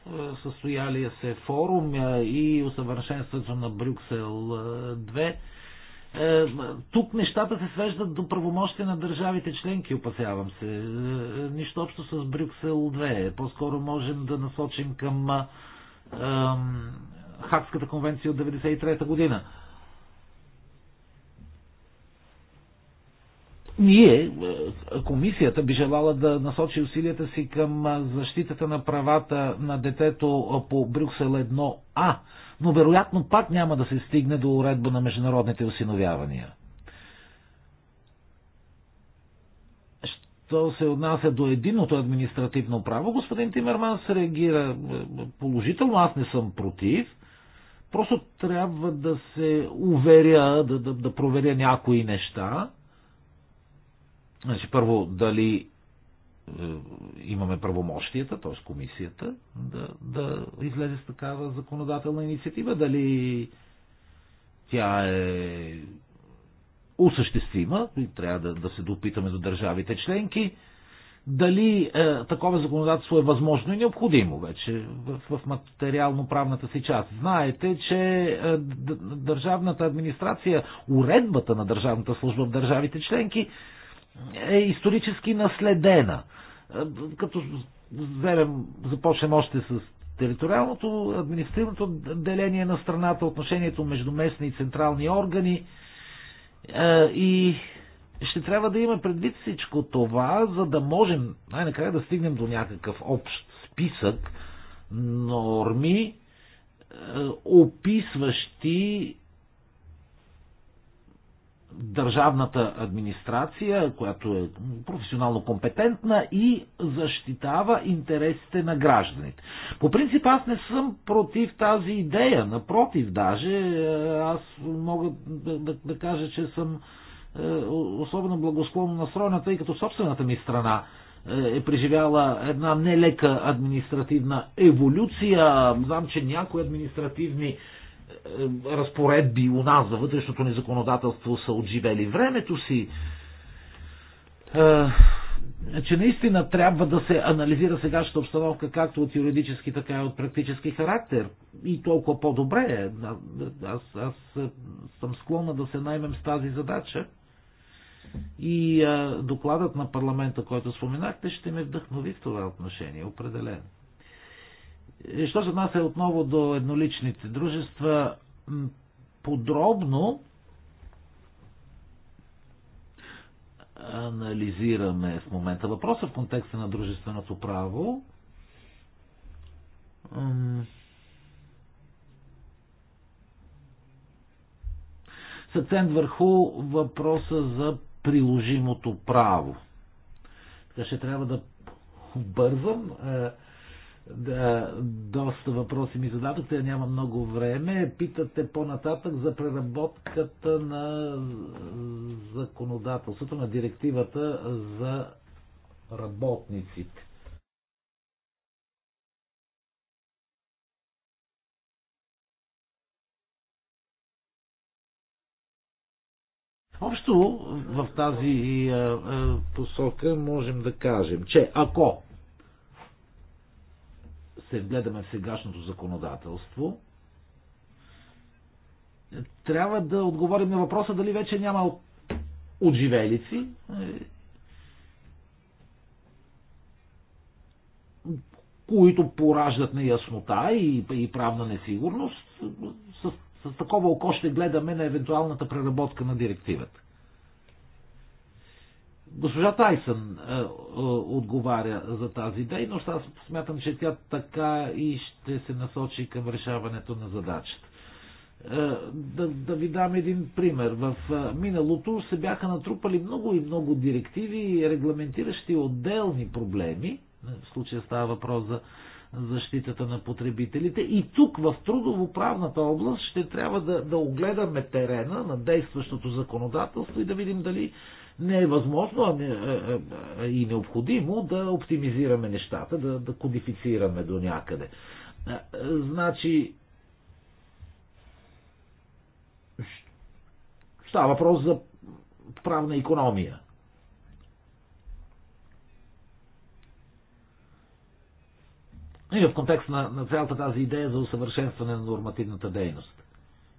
състоялия се форум и усъвършенството на Брюксел 2, тук нещата се свеждат до правомощите на държавите членки, опасявам се. Нищо общо с Брюксел 2. По-скоро можем да насочим към Хакската конвенция от 1993 година. Ние, комисията, би желала да насочи усилията си към защитата на правата на детето по Брюксел 1А, но вероятно пак няма да се стигне до уредба на международните осиновявания. то се отнася до единото административно право, господин Тимерман се реагира е, положително, аз не съм против. Просто трябва да се уверя, да, да, да проверя някои неща. Значи, първо, дали е, имаме правомощията, т.е. комисията, да, да излезе с такава законодателна инициатива, дали тя е осъществима, и трябва да, да се допитаме до държавите членки, дали е, такова законодателство е възможно и необходимо вече в, в материално-правната си част. Знаете, че е, държавната администрация, уредбата на държавната служба в държавите членки е исторически наследена. Е, като вземем, започнем още с териториалното, административното деление на страната, отношението между местни и централни органи, е, и ще трябва да има предвид всичко това, за да можем най-накрая да стигнем до някакъв общ списък норми, е, описващи държавната администрация, която е професионално компетентна и защитава интересите на гражданите. По принцип аз не съм против тази идея, напротив даже, е, аз мога да, да, да кажа, че съм е, особено благосклонно настроена, тъй като собствената ми страна е, е преживяла една нелека административна еволюция. Знам, че някои административни е, разпоредби у нас за вътрешното ни законодателство са отживели времето си, е, че наистина трябва да се анализира сегашната обстановка както от юридически, така и от практически характер. И толкова по-добре е. Аз, аз съм склонна да се наймем с тази задача. И а, е, докладът на парламента, който споменахте, ще ме вдъхнови в това отношение, определено. Що се отнася отново до едноличните дружества, подробно анализираме в момента въпроса в контекста на дружественото право. с акцент върху въпроса за приложимото право. Така ще трябва да бързам. Е, да, доста въпроси ми зададохте, няма много време. Питате по-нататък за преработката на законодателството, на директивата за работниците. Общо в тази е, е, посока можем да кажем, че ако се вгледаме в сегашното законодателство, трябва да отговорим на въпроса дали вече няма отживелици. които пораждат неяснота и, и правна несигурност. С, с такова око ще гледаме на евентуалната преработка на директивата. Госпожа Тайсън е, е, отговаря за тази дейност. Аз смятам, че тя така и ще се насочи към решаването на задачата. Е, да, да ви дам един пример. В миналото се бяха натрупали много и много директиви, регламентиращи отделни проблеми. В случая става въпрос за защитата на потребителите. И тук в трудовоправната област ще трябва да, да огледаме терена на действащото законодателство и да видим дали не е възможно а не, а, а, и необходимо да оптимизираме нещата, да, да кодифицираме до някъде. А, значи, става въпрос за правна економия. И в контекст на, на цялата тази идея за усъвършенстване на нормативната дейност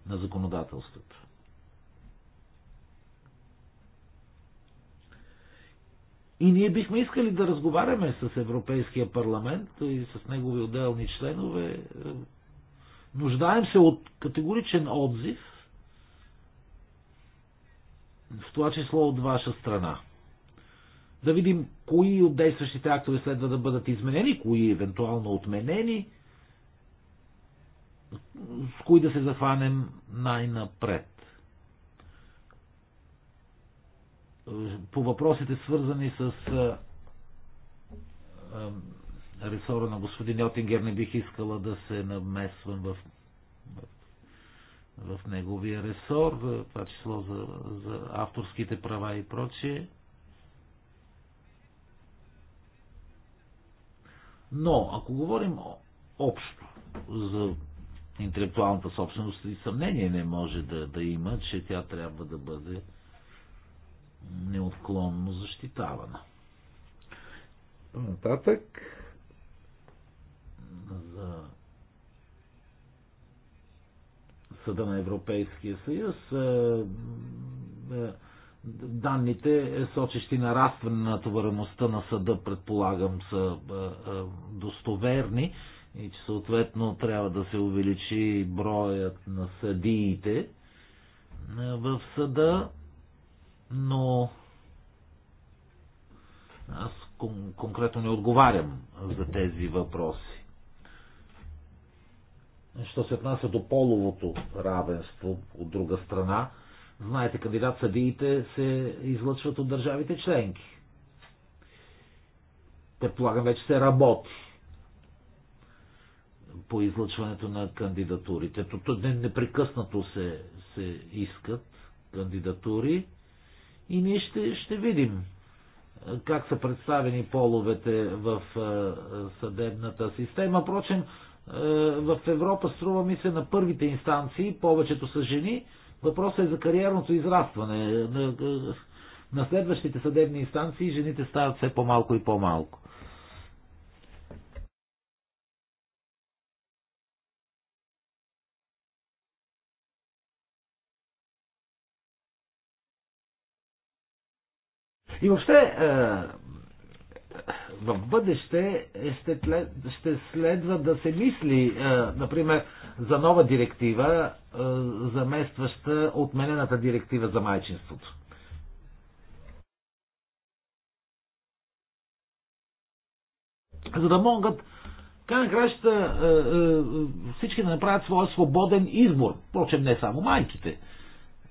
на законодателството. И ние бихме искали да разговаряме с Европейския парламент и с негови отделни членове. Е, нуждаем се от категоричен отзив, в това число от ваша страна. Да видим кои от действащите актове следва да бъдат изменени, кои евентуално отменени, с кои да се захванем най-напред. по въпросите свързани с ресора на господин Йотингер не бих искала да се намесвам в, в неговия ресор, това число за, за авторските права и прочие. Но, ако говорим общо за интелектуалната собственост, и съмнение не може да, да има, че тя трябва да бъде неотклонно защитавана. Нататък за Съда на Европейския съюз е, е, данните, е, сочещи нарастване на товареността на съда, предполагам, са достоверни и че съответно трябва да се увеличи броят на съдиите в съда но аз кон- конкретно не отговарям за тези въпроси. Що се отнася до половото равенство, от друга страна, знаете, кандидат съдиите се излъчват от държавите членки. Предполагам, вече се работи по излъчването на кандидатурите. Тук непрекъснато се, се искат кандидатури. И ние ще, ще видим е, как са представени половете в е, е, съдебната система. Впрочем, в Европа струва ми се на първите инстанции, повечето са жени. Въпросът е за кариерното израстване. На следващите съдебни инстанции жените стават все по-малко и по-малко. И въобще, е, в бъдеще е ще, следва да се мисли, е, например, за нова директива, заместваща отменената директива за майчинството. За да могат край краща всички да направят своя свободен избор. Впрочем, не само майките,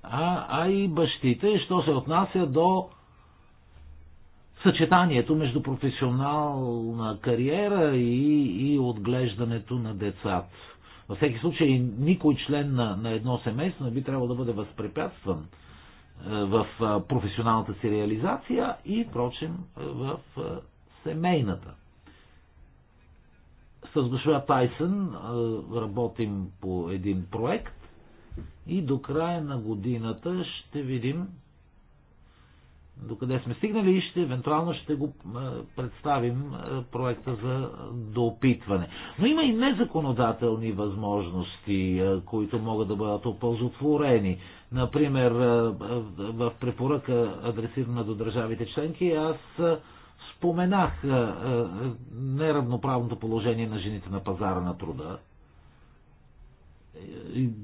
а, а и бащите, що се отнася до съчетанието между професионална кариера и, и отглеждането на децата. Във всеки случай никой член на, на едно семейство не би трябвало да бъде възпрепятстван е, в е, професионалната си реализация и, прочим, е, в семейната. С госпожа Тайсън работим по един проект и до края на годината ще видим докъде сме стигнали и ще, евентуално ще го представим проекта за допитване. Но има и незаконодателни възможности, които могат да бъдат опълзотворени. Например, в препоръка, адресирана до държавите членки, аз споменах неравноправното положение на жените на пазара на труда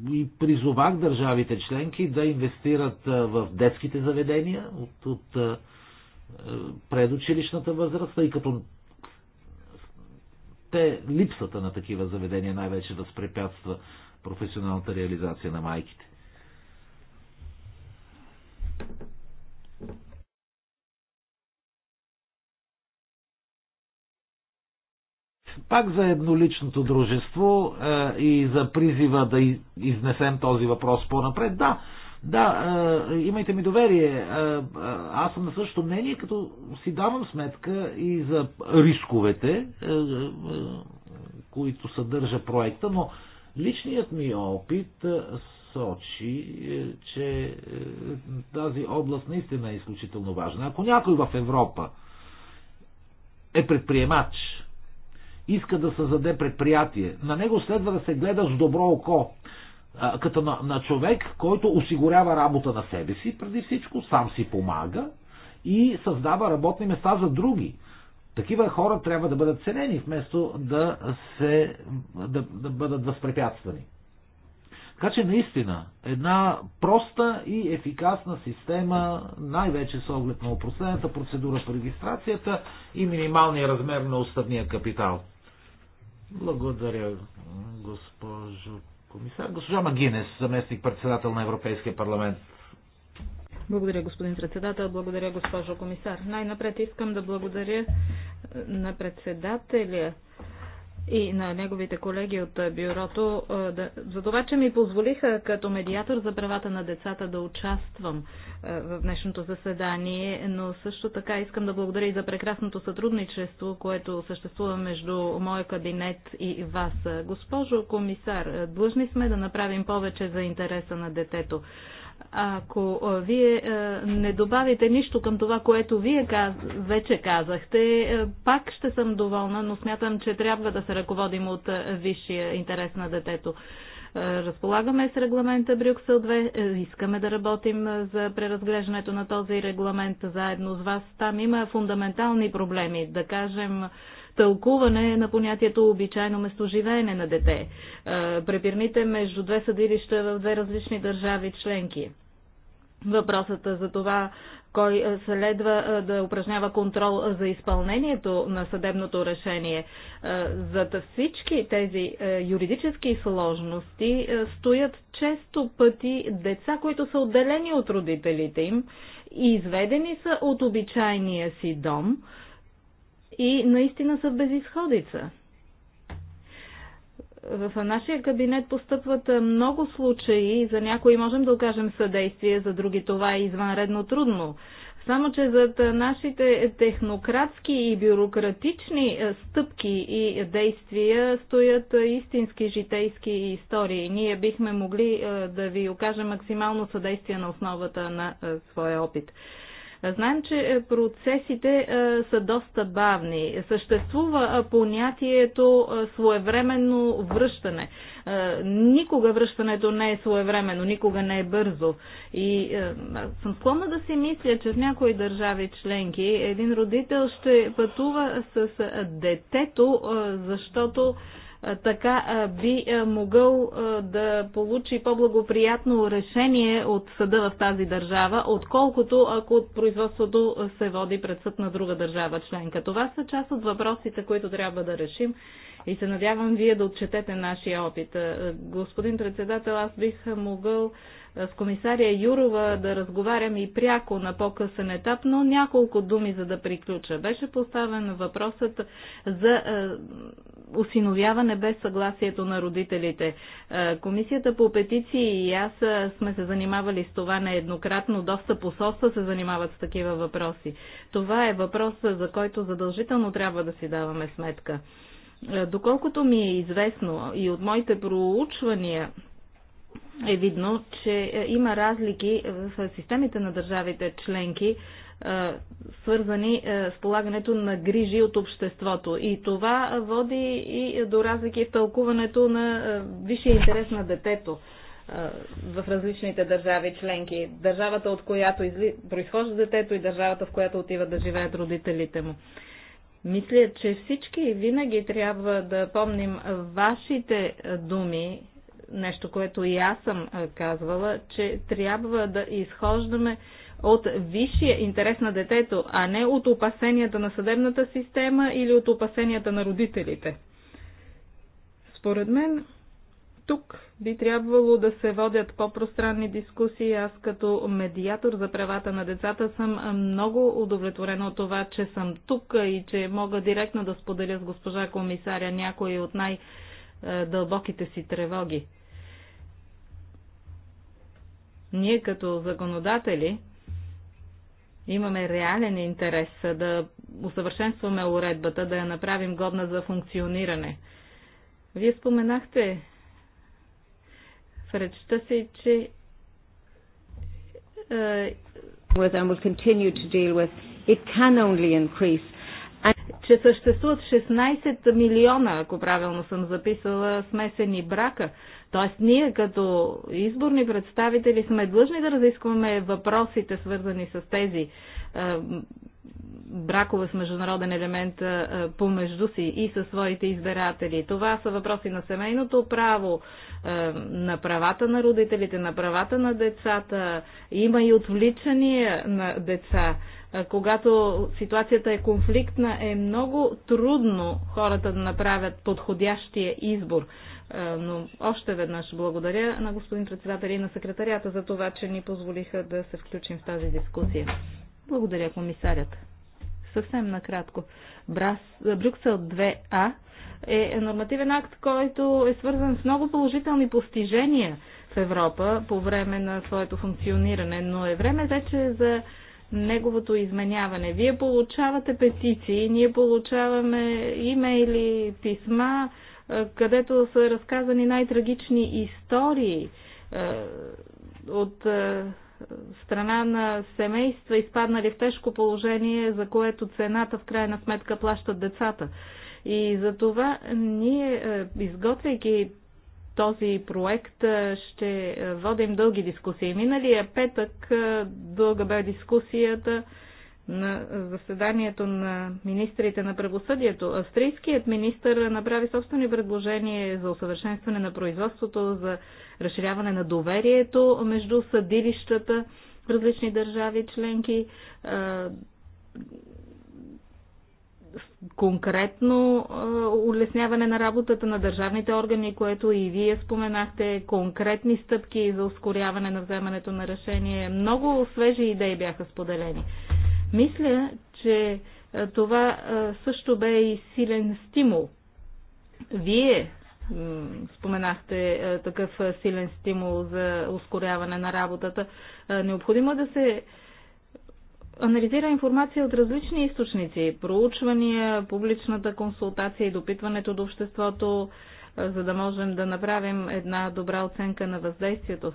и призовах държавите членки да инвестират в детските заведения от, от предучилищната възраст, тъй като те, липсата на такива заведения най-вече възпрепятства професионалната реализация на майките. Пак за едноличното дружество е, и за призива да изнесем този въпрос по-напред. Да, да, е, имайте ми доверие. Е, е, аз съм на същото мнение, като си давам сметка и за рисковете, е, е, които съдържа проекта, но личният ми опит е, сочи, е, че е, тази област наистина е изключително важна. Ако някой в Европа е предприемач, иска да създаде предприятие, на него следва да се гледа с добро око, като на, на човек, който осигурява работа на себе си, преди всичко, сам си помага и създава работни места за други. Такива хора трябва да бъдат ценени, вместо да, се, да, да бъдат възпрепятствани. Така че наистина, една проста и ефикасна система, най-вече с оглед на упростената процедура по регистрацията и минималния размер на уставния капитал. Благодаря, госпожо комисар. Госпожа Магинес, заместник председател на Европейския парламент. Благодаря, господин председател. Благодаря, госпожо комисар. Най-напред искам да благодаря на председателя и на неговите колеги от е, бюрото е, за това, че ми позволиха като медиатор за правата на децата да участвам е, в днешното заседание, но също така искам да благодаря и за прекрасното сътрудничество, което съществува между моя кабинет и вас. Госпожо комисар, длъжни сме да направим повече за интереса на детето. Ако вие не добавите нищо към това, което вие вече казахте, е, пак ще съм доволна, но смятам, че трябва да се ръководим от висшия интерес на детето. Разполагаме с регламента Брюксел 2. Е, искаме да работим за преразглеждането на този регламент заедно с вас. Там има фундаментални проблеми. Да кажем, тълкуване на понятието обичайно местоживеене на дете. Е, препирните между две съдилища в две различни държави членки. Въпросът за това кой е, следва е, да упражнява контрол за изпълнението на съдебното решение. За всички тези юридически сложности стоят често пъти деца, които са отделени от родителите им и изведени са от обичайния си дом и наистина са безисходица. В нашия кабинет постъпват много случаи, за някои можем да окажем съдействие, за други това е извънредно трудно. Само, че зад нашите технократски и бюрократични е, стъпки и действия стоят е, истински житейски истории. Ние бихме могли е, да ви окажем максимално съдействие на основата на своя опит. Знаем, че е, процесите е, са доста бавни. Съществува е, понятието своевременно връщане. Никога връщането не е своевременно, никога не е бързо. И съм склонна да си мисля, че в някои държави членки един родител ще пътува с детето, защото така би могъл да получи по-благоприятно решение от съда в тази държава, отколкото ако производството се води пред съд на друга държава членка. Това са част от въпросите, които трябва да решим и се надявам вие да отчетете нашия опит. Е, господин председател, аз бих могъл е, с комисария Юрова да разговарям и пряко на по-късен етап, но няколко думи за да приключа. Беше поставен въпросът за е, осиновяване без съгласието на родителите. Комисията по петиции и аз сме се занимавали с това нееднократно. Доста посолства се занимават с такива въпроси. Това е въпрос, за който задължително трябва да си даваме сметка. Е, доколкото ми е известно и от моите проучвания, е видно, че е, има разлики в системите на държавите членки, е, свързани с полагането на грижи от обществото. И това води и до разлики в тълкуването на висшия интерес на детето в различните държави членки. Държавата, от която изли... произхожда детето и държавата, в която отива да живеят родителите му. Мисля, че всички винаги трябва да помним вашите е, думи, нещо, което и аз съм е, казвала, че трябва да изхождаме от висшия интерес на детето, а не от опасенията на съдебната система или от опасенията на родителите. Според мен, тук би трябвало да се водят по-пространни дискусии. Аз като медиатор за правата на децата съм много удовлетворена от това, че съм тук и че мога директно да споделя с госпожа комисаря някои от най-дълбоките си тревоги. Ние като законодатели имаме реален интерес да усъвършенстваме уредбата, да я направим годна за функциониране. Вие споменахте в речта си, че е, with and will continue to deal with, it can only increase. And... Че съществуват 16 милиона, ако правилно съм записала, смесени брака. Тоест ние като изборни представители сме длъжни да разискваме въпросите, свързани с тези е, бракове с международен елемент помежду си и със своите избиратели. Това са въпроси на семейното право, на правата на родителите, на правата на децата. Има и отвличания на деца. Когато ситуацията е конфликтна, е много трудно хората да направят подходящия избор. Но още веднъж благодаря на господин председател и на секретарията за това, че ни позволиха да се включим в тази дискусия. Благодаря, комисарята съвсем накратко. Брюксел 2А е нормативен акт, който е свързан с много положителни постижения в Европа по време на своето функциониране, но е време вече за неговото изменяване. Вие получавате петиции, ние получаваме имейли, писма, е, където са разказани най-трагични истории е, от е, страна на семейства, изпаднали в тежко положение, за което цената в крайна сметка плащат децата. И за това ние, е, изготвяйки този проект, е, ще водим дълги дискусии. Миналия петък е, дълга бе дискусията на заседанието на министрите на правосъдието. Австрийският министр направи собствени предложения за усъвършенстване на производството, за разширяване на доверието между съдилищата в различни държави членки. Конкретно улесняване на работата на държавните органи, което и вие споменахте, конкретни стъпки за ускоряване на вземането на решение. Много свежи идеи бяха споделени. Мисля, че това също бе и силен стимул. Вие споменахте е, такъв е, силен стимул за ускоряване на работата. Е, необходимо да се анализира информация от различни източници, проучвания, публичната консултация и допитването до обществото, за да можем да направим една добра оценка на въздействието.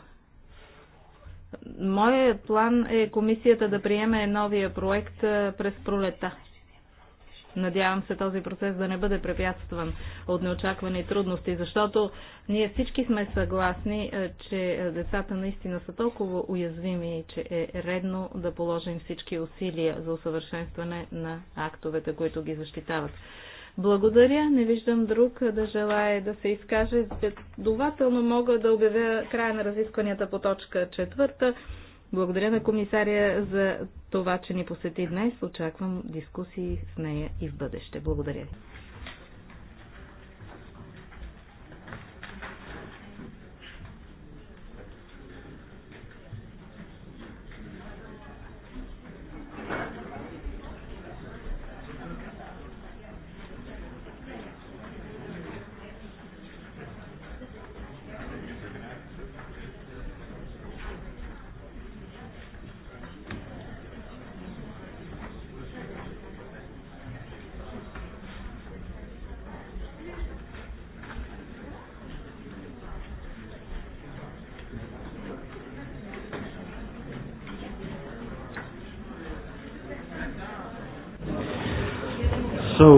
Моят план е комисията да приеме новия проект през пролета. Надявам се този процес да не бъде препятстван от неочаквани трудности, защото ние всички сме съгласни, е, че децата наистина са толкова уязвими, и че е редно да положим всички усилия за усъвършенстване на актовете, които ги защитават. Благодаря. Не виждам друг да желая да се изкаже. Следователно мога да обявя края на разискванията по точка четвърта. Благодаря на комисаря за това, че ни посети днес. Очаквам дискусии с нея и в бъдеще. Благодаря ви. So, uh,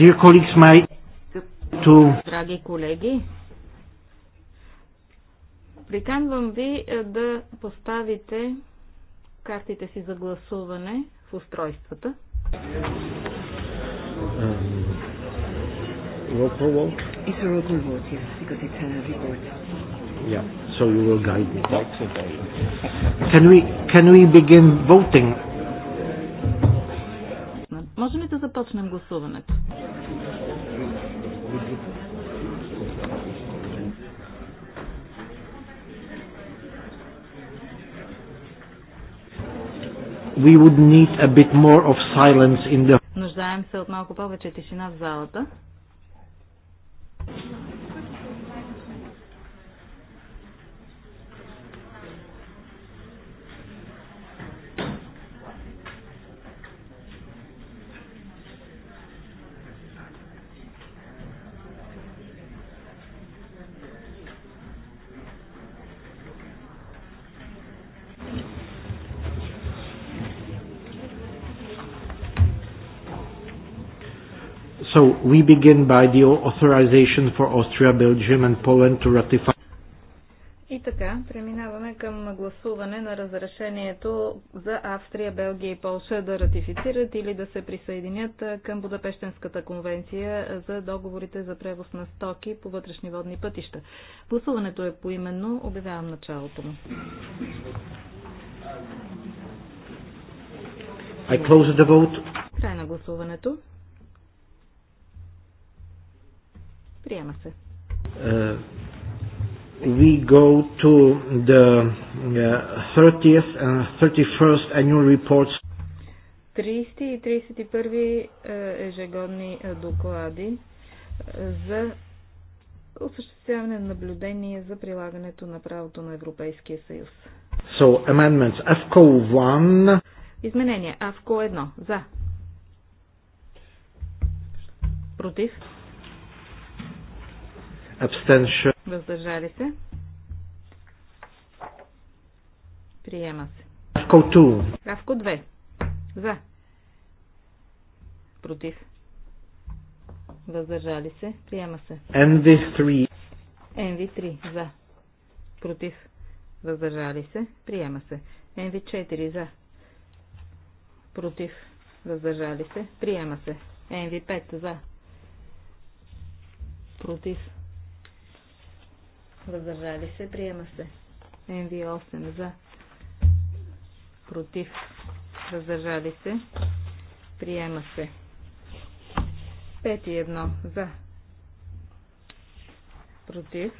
dear colleagues, my to... Драги колеги, приканвам ви да поставите картите си за гласуване в устройствата. Um, roll call vote? It's a roll call vote, yes, because it's a report. Yeah, so you will guide me. Right? Can we, can we begin voting? Можем ли да започнем гласуването? We would need a bit more of silence in the... Нуждаем се от малко повече тишина в залата. So we begin by the authorization for Austria, Belgium and Poland to ratify. И така, преминаваме към гласуване на разрешението за Австрия, Белгия и Полша да ратифицират или да се присъединят към Будапештенската конвенция за договорите за превоз на стоки по вътрешни водни пътища. Гласуването е поименно. Обявявам началото му. I close the vote. Край на гласуването. Приема се. Uh, we go to the uh, 30th and 31st annual reports. 30 и 31 uh, ежегодни uh, доклади uh, за осъществяване на наблюдение за прилагането на правото на Европейския съюз. So, amendments. AFCO 1. Изменение. AFCO 1. За. Против. Abstention. Въздържали се. Приема се. Равко 2. Равко 2. За. Против. Въздържали се. Приема се. NV3. NV3. За. Против. Въздържали се. Приема се. NV4. За. Против. Въздържали се. Приема се. NV5. За. Против въздържали се, приема се. МВ8 за, против, въздържали се, приема се. 5 и 1 за, против,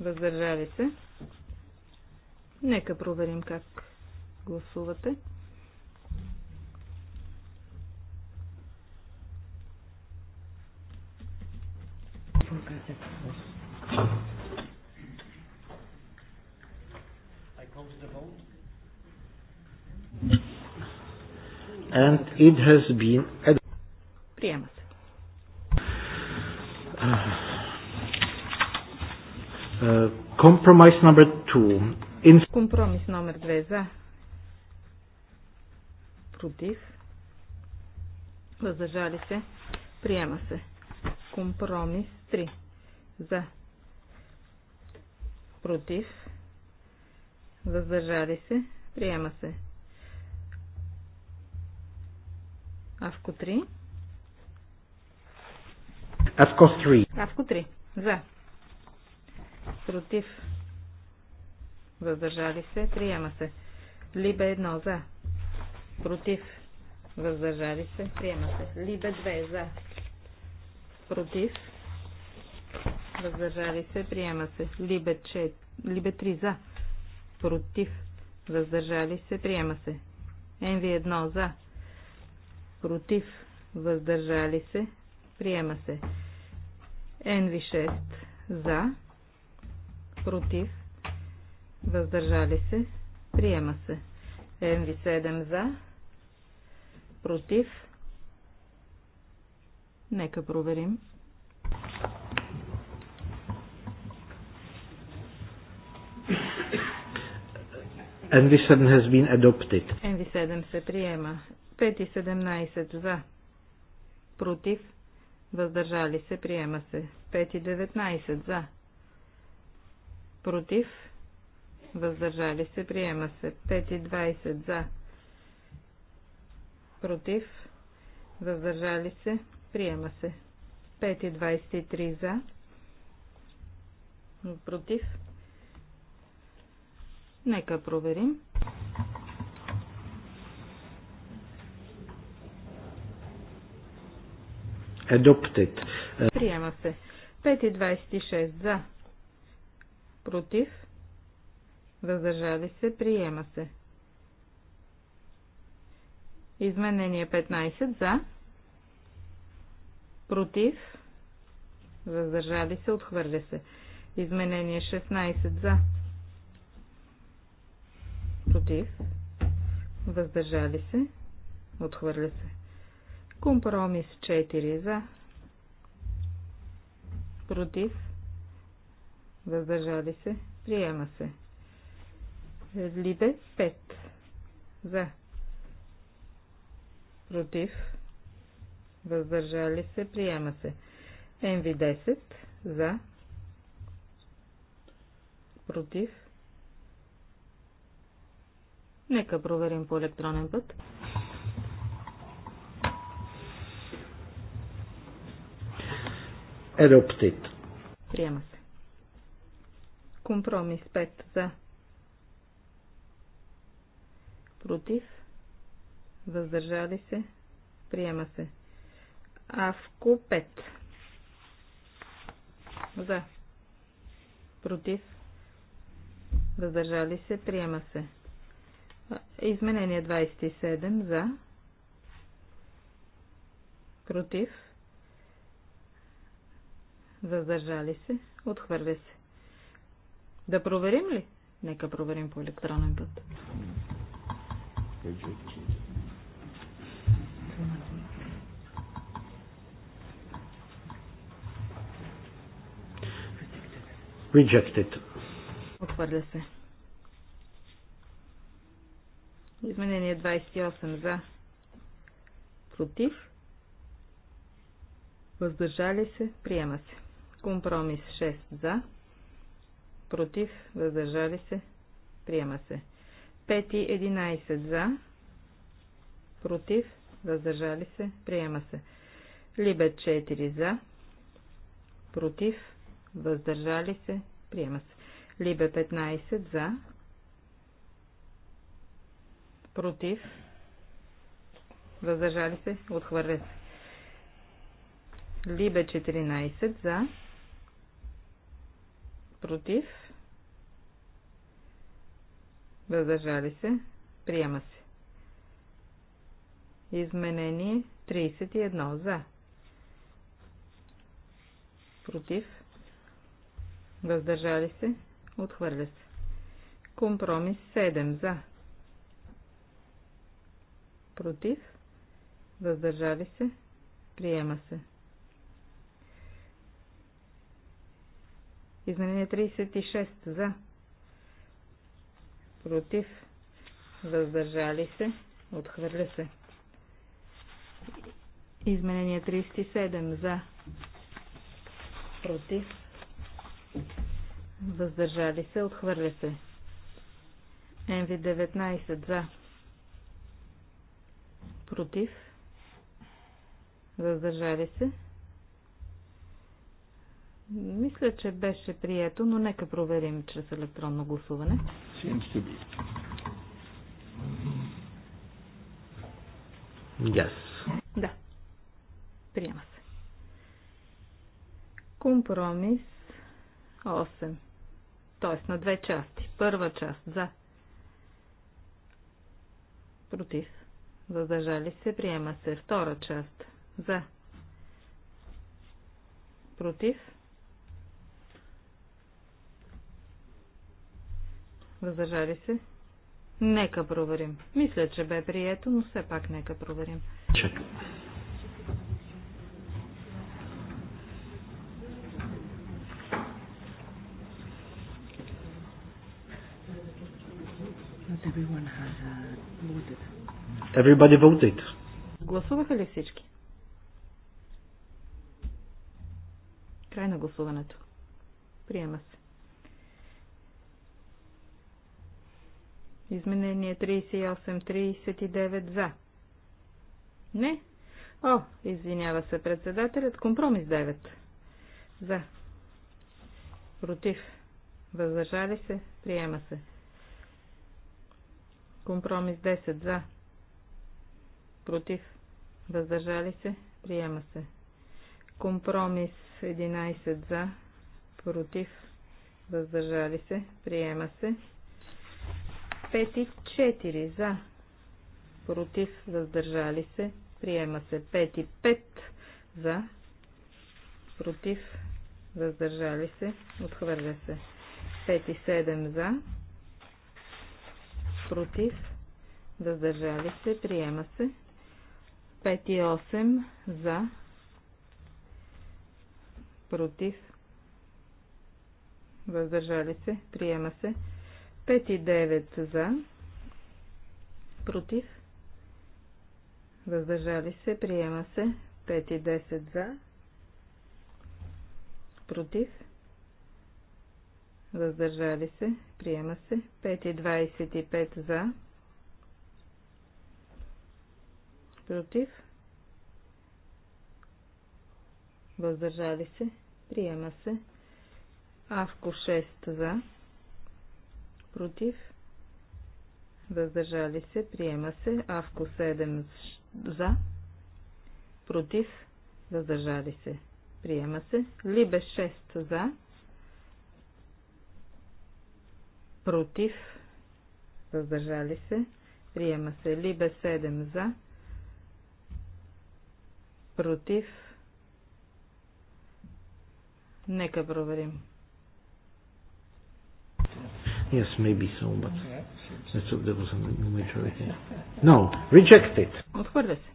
въздържали се. Нека проверим как гласувате. And it has been Приема се. Uh, Компромис номер uh, 2. Компромис номер 2 за. Против. Въздържали се. Приема се. Компромис 3. За. Против. Въздържали се. Приема се. Авко 3. Авко 3. Авко 3. За. Против. Въздържали се. Приема се. Либе 1. За. Против. Въздържали се. Приема се. Либе 2. За. Против въздържали се, приема се. Либе, че... либе 3 за, против, въздържали се, приема се. НВ1 за, против, въздържали се, приема се. НВ6 за, против, въздържали се, приема се. НВ7 за, против, нека проверим. this 7 has been adopted. NV7 се приема. 5 и 17 за. Против. Въздържали се. Приема се. 5 и 19 за. Против. Въздържали се. Приема се. 5 и 20 за. Против. Въздържали се. Приема се. 5 и за. Против Нека проверим. Adopted. Приема се. 5,26 за. Против. Въздържали се. Приема се. Изменение 15 за. Против. Въздържали се. Отхвърля се. Изменение 16 за против, въздържали се, отхвърля се. Компромис 4 за, против, въздържали се, приема се. Либе 5 за, против, въздържали се, приема се. МВ10 за, против, Нека проверим по електронен път. Ероптит. Приема се. Компромис 5 за. Против. Въздържали се. Приема се. Авко 5. За. Против. Въздържали се. Приема се. Изменение 27 за. Против. Въздържали се. Отхвърля се. Да проверим ли? Нека проверим по електронен път. Rejected. Отхвърля се. Изменение 28 за. Против. Въздържали се. Приема се. Компромис 6 за. Против. Въздържали се. Приема се. 5 11 за. Против. Въздържали се. Приема се. Либе 4 за. Против. Въздържали се. Приема се. Либе 15 за против, въздържали се, отхвърля се. Либе 14 за, против, въздържали се, приема се. Изменение 31 за, против, въздържали се, отхвърля се. Компромис 7 за, против, въздържали се, приема се. Изменение 36 за, против, въздържали се, отхвърля се. Изменение 37 за, против, въздържали се, отхвърля се. МВ 19 за, против, въздържали се. Мисля, че беше прието, но нека проверим чрез електронно гласуване. Yes. Да. Приема се. Компромис 8. Тоест на две части. Първа част за. Против. Въздържали се. Приема се. Втора част. За. Против. Въздържали се. Нека проверим. Мисля, че бе прието, но все пак нека проверим. Чакай. Everybody voted. Гласуваха ли всички? Край на гласуването. Приема се. Изменение 38-39 за. Не? О, извинява се председателят. Компромис 9. За. Против. Въздържали се. Приема се. Компромис 10 за против, въздържали се, приема се. Компромис 11 за, против, въздържали се, приема се. 5 и 4 за, против, въздържали се, приема се. 5 и 5 за, против, въздържали се, отхвърля се. 5 и 7 за, против, въздържали се, приема се. 5 и 8 за, против, въздържали се, приема се. 5 и 9 за, против, въздържали се, приема се. 5 и 10 за, против, въздържали се, приема се. 5 и 25 за, против, против, въздържали се, приема се. Авко 6 за, против, въздържали се, приема се. Авко 7 за, против, въздържали се, приема се. Либе 6 за, против, въздържали се, приема се. Либе 7 за, против. Нека проверим. Yes, maybe so, but let's hope there was a majority. No, it. Отхвърля се.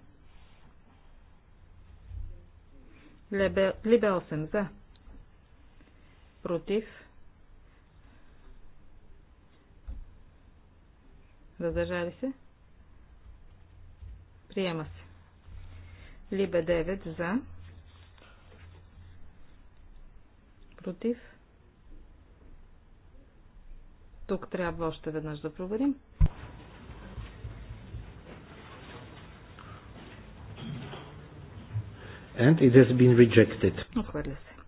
Либе, съм 8 за. Против. Задържали се. Приема се. Либе 9 за. Против. Тук трябва още веднъж да проверим. And it has been rejected. Отхвърля се.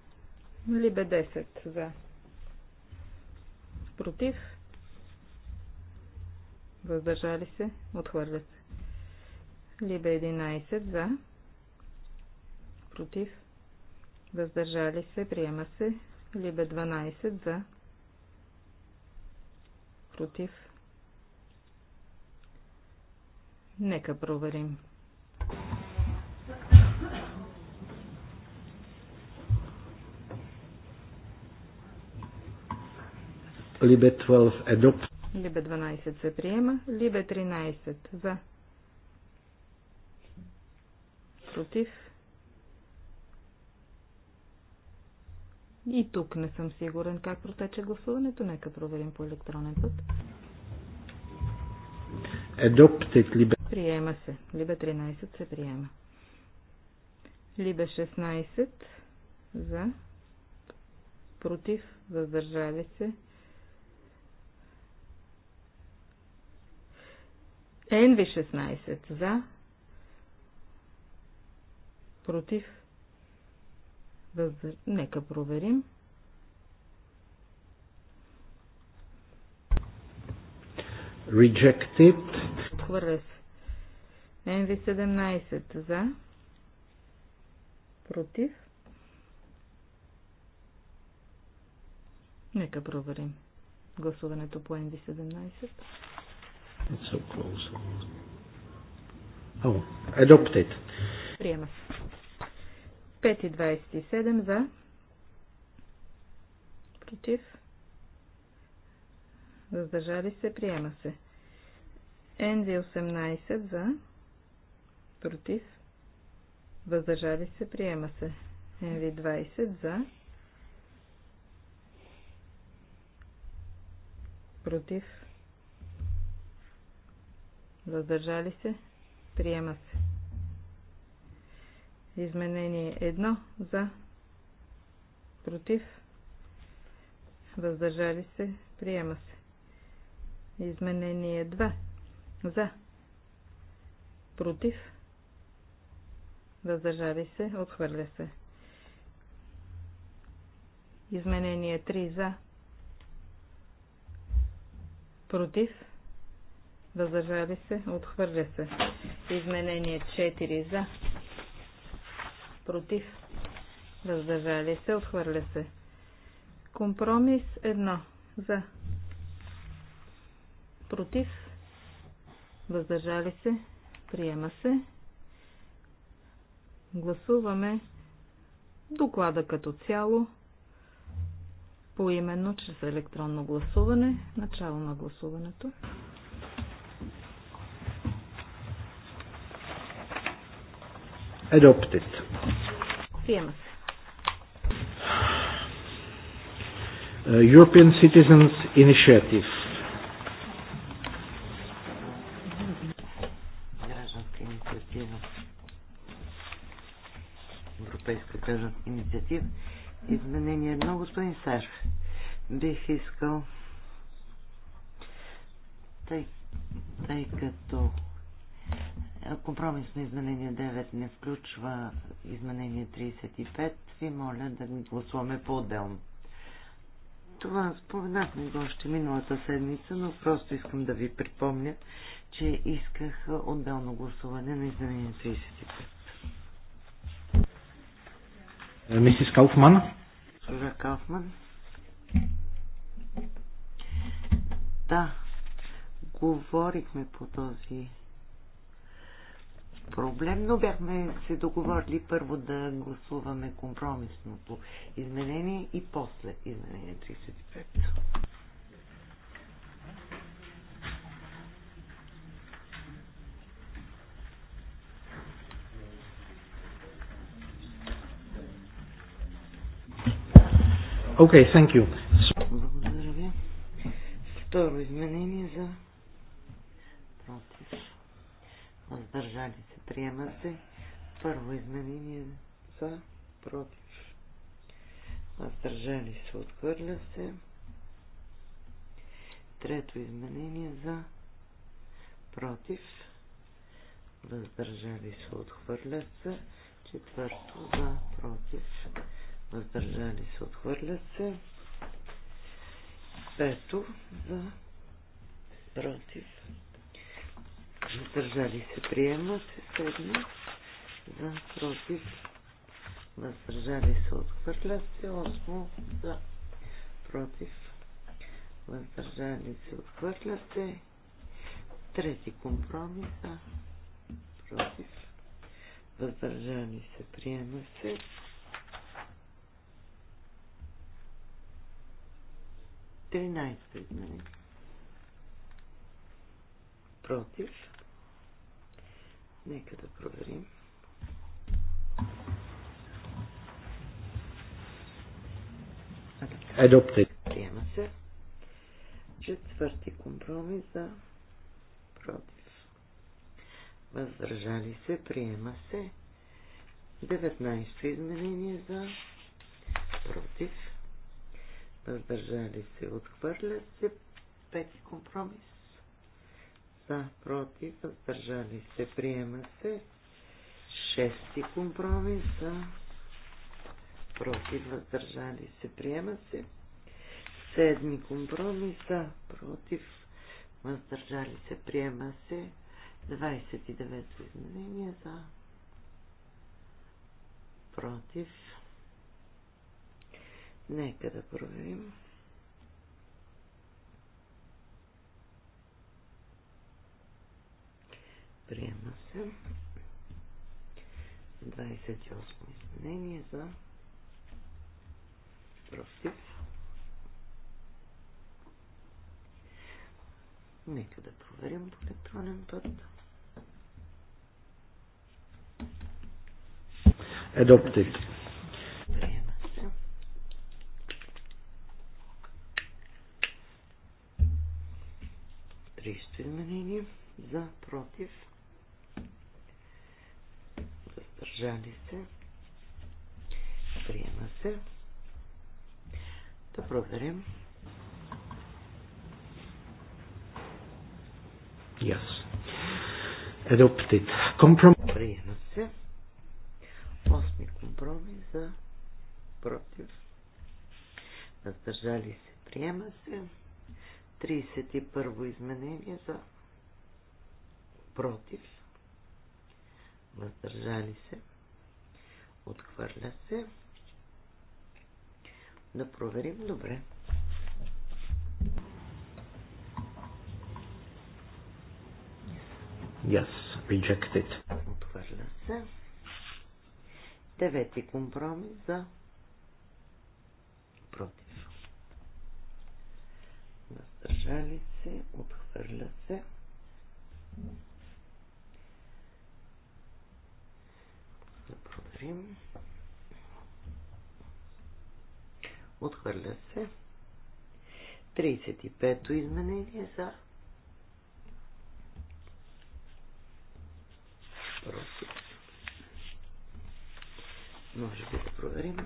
Либе 10 за. Против. Въздържали се. Отхвърля се. Либе 11 за против, въздържали се, приема се. Либе 12 за, против. Нека проверим. Либе 12 adopt. Либе 12 се приема. Либе 13 за. Против. И тук не съм сигурен как протече гласуването. Нека проверим по електронен път. Adopted, либе... Приема се. Либе 13 се приема. Либе 16 за против, въздържали се. НВ 16 за против, Нека проверим. Rejected. Отхвърля NV17 за. Против. Нека проверим гласуването по NV17. It's so close. Oh, adopted. Приема се. 5,27 за. Против. Въздържали се. Приема се. NV18 за. Против. Въздържали се. Приема се. NV20 за. Против. Въздържали се. Приема се. Изменение 1 за, против, въздържали се, приема се. Изменение 2 за, против, въздържали се, отхвърля се. Изменение 3 за, против, въздържали се, отхвърля се. Изменение 4 за, против, въздържали се, отхвърля се. Компромис 1 за против, въздържали се, приема се. Гласуваме доклада като цяло поименно чрез електронно гласуване, начало на гласуването. Adopted. Uh, European Citizens Initiative. Изменение едно, господин Сар. Бих искал, тъй, тъй като Компромисно изменение 9 не включва изменение 35. Ви моля да ни гласуваме по-отделно. Това споменахме го още миналата седмица, но просто искам да ви припомня, че исках отделно гласуване на изменение 35. Мисис Кауфман. Госпожа Кауфман. Да, говорихме по този проблем, но бяхме се договорили първо да гласуваме компромисното изменение и после изменение 35. Okay, thank you. Благодаря ви. Второ изменение за против. Въздържали приема се. Първо изменение за, против, въздържали се, отхвърля се. Трето изменение за, против, въздържали се, отхвърля се. Четвърто за, против, въздържали се, отхвърля се. Пето за, против, въздържали се, приема се, седмо, за, против, въздържали се, отхвърля се, осмо, за, против, въздържали се, отхвърля се, трети компромис, за, против, въздържали се, приема се, тринайсто изменение нали? против, Нека да проверим. Adopted. Приема се. Четвърти компромис за против. Въздържали се. Приема се. 19 изменение за против. Въздържали се. Отхвърля се. Пети компромис за, против, въздържали се, приема се. Шести компромис за, против, въздържали се, приема се. Седми компромис за, против, въздържали се, приема се. 29 изменение за, против. Нека да проверим. Приема се. 28 изменение за против. Нека да проверим по електронен път. Adopted. проверим. Yes. Adopted. Compromise. Приема се. Осми компромис за против. Въздържали се. Приема се. 31 изменение за против. Въздържали се. Отхвърля се. Да проверим добре. Yes, rejected. Отхвърля се. Девети компромис за против. Въздържали се, отхвърля се. Да проверим. Отхвърля се. 35-то изменение за против. Може би да проверим.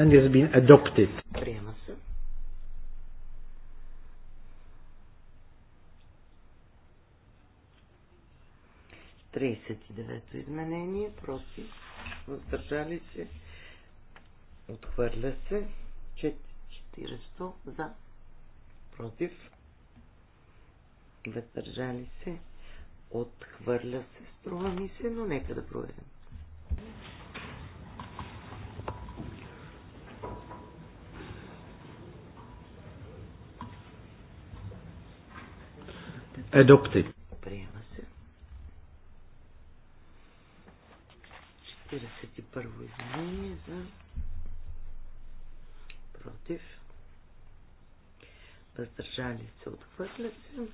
And has been adopted. Приема се. Тридесет и девето изменение, против, въздържали се, отхвърля се, 400 за, против, въздържали се, отхвърля се, струва ми се, но нека да проверим. Adopted. Приема се. 41 изменение за против. Въздържали се, отхвърля се.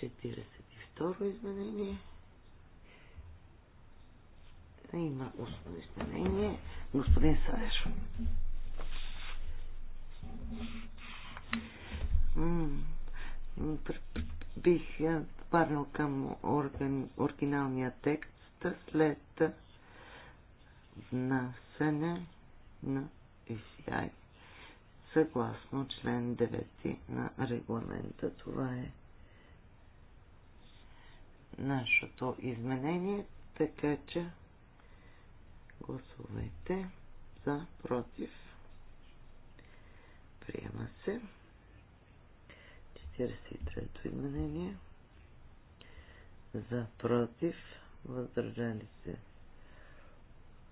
42 изменение. Има устно изменение. Господин Савеш. Бих парнал е, към орган, оригиналния текст след внасене на ECI съгласно член 9 на регламента. Това е нашето изменение, така че гласувайте за, против. Приема се. 43-то изменение. За, против. Въздържали се.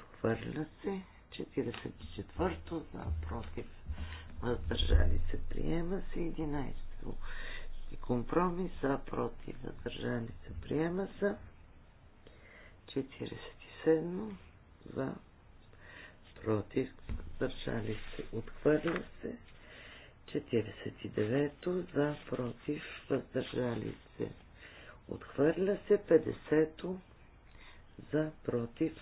Отвърля се. 44-то за, против. Въздържали се. Приема се. 11-то и компромиса, против въздържали се приема са 47 за против въздържали се отхвърля се 49 за против въздържали се отхвърля се 50 за против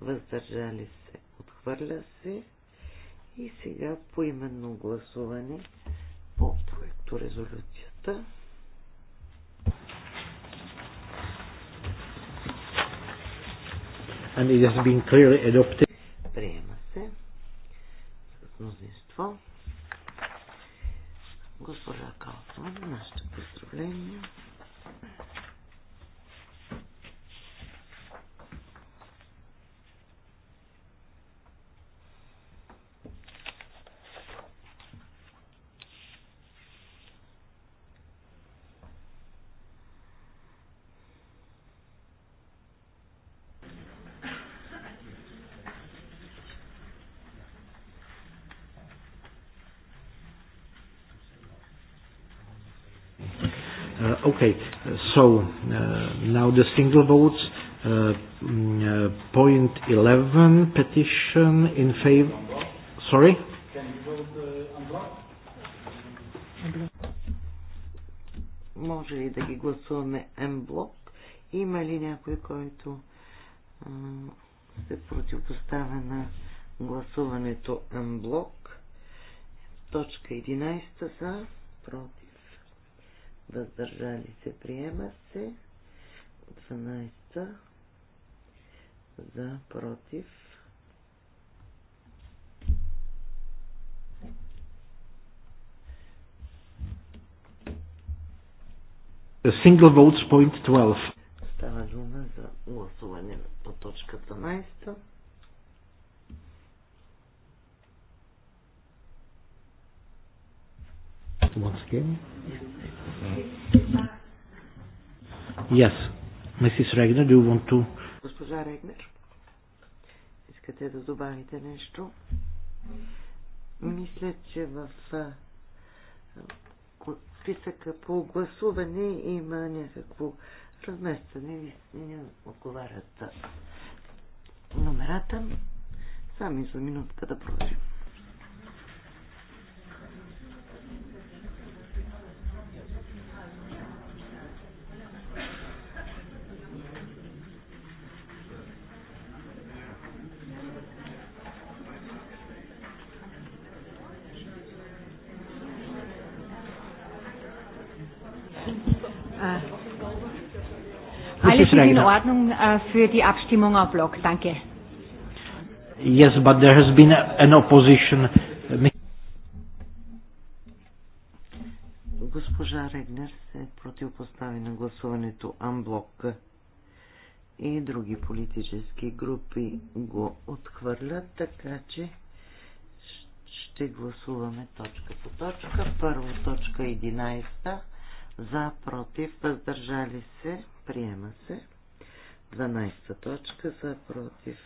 въздържали се отхвърля се и сега по именно гласуване по проекто резолюцията думата. And it has been clearly adopted. Приема се мнозинство. Госпожа Калфман, нашите поздравления. the single votes. Uh, mm, uh, point 11 petition in favor. Sorry? Може ли да ги гласуваме М-блок? Има ли някой, който се противопоставя на гласуването М-блок? Точка 11 за, против, въздържали се, приема се. 12 за, против. The single votes point 12. Става дума за гласуване по точка 12. Once again. Yes. Месис Регнер, do you want to... Госпожа Регнер, искате да добавите нещо? Мисля, че в списъка по гласуване има някакво разместване. Не отговарят номерата. Сами за минутка да продължим. Schrager. in Ordnung äh, für die Abstimmung en Block. Øh, Danke. Yes, but there has been an opposition. Госпожа Регнер се противопостави на гласуването Анблок и други политически групи го отхвърлят, така че ще гласуваме точка по точка. Първо точка 11 за, против, въздържали се. Приема се. 12 точка за против.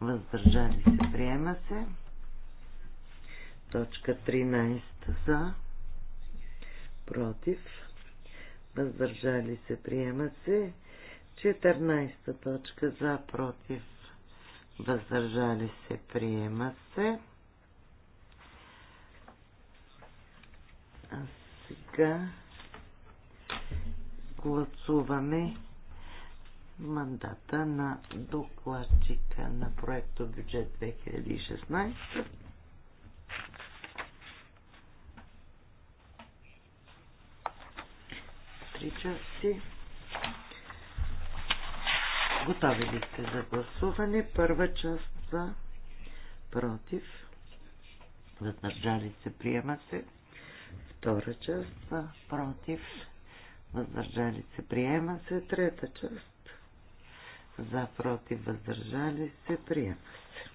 Въздържали се. Приема се. Точка 13 за против. Въздържали се. Приема се. 14 точка за против. Въздържали се. Приема се. А сега гласуваме мандата на докладчика на проекто бюджет 2016. Три части. Готови ли сте за гласуване? Първа част за против. Въздържали се, приема се. Втора част за против въздържали се, приема се. Трета част, за, против, въздържали се, приема се.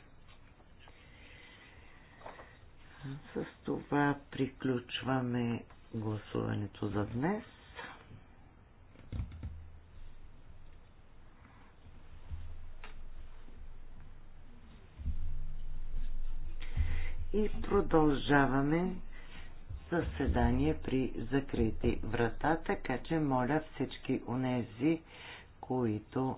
С това приключваме гласуването за днес. И продължаваме заседание при закрити врата, така че моля всички унези, които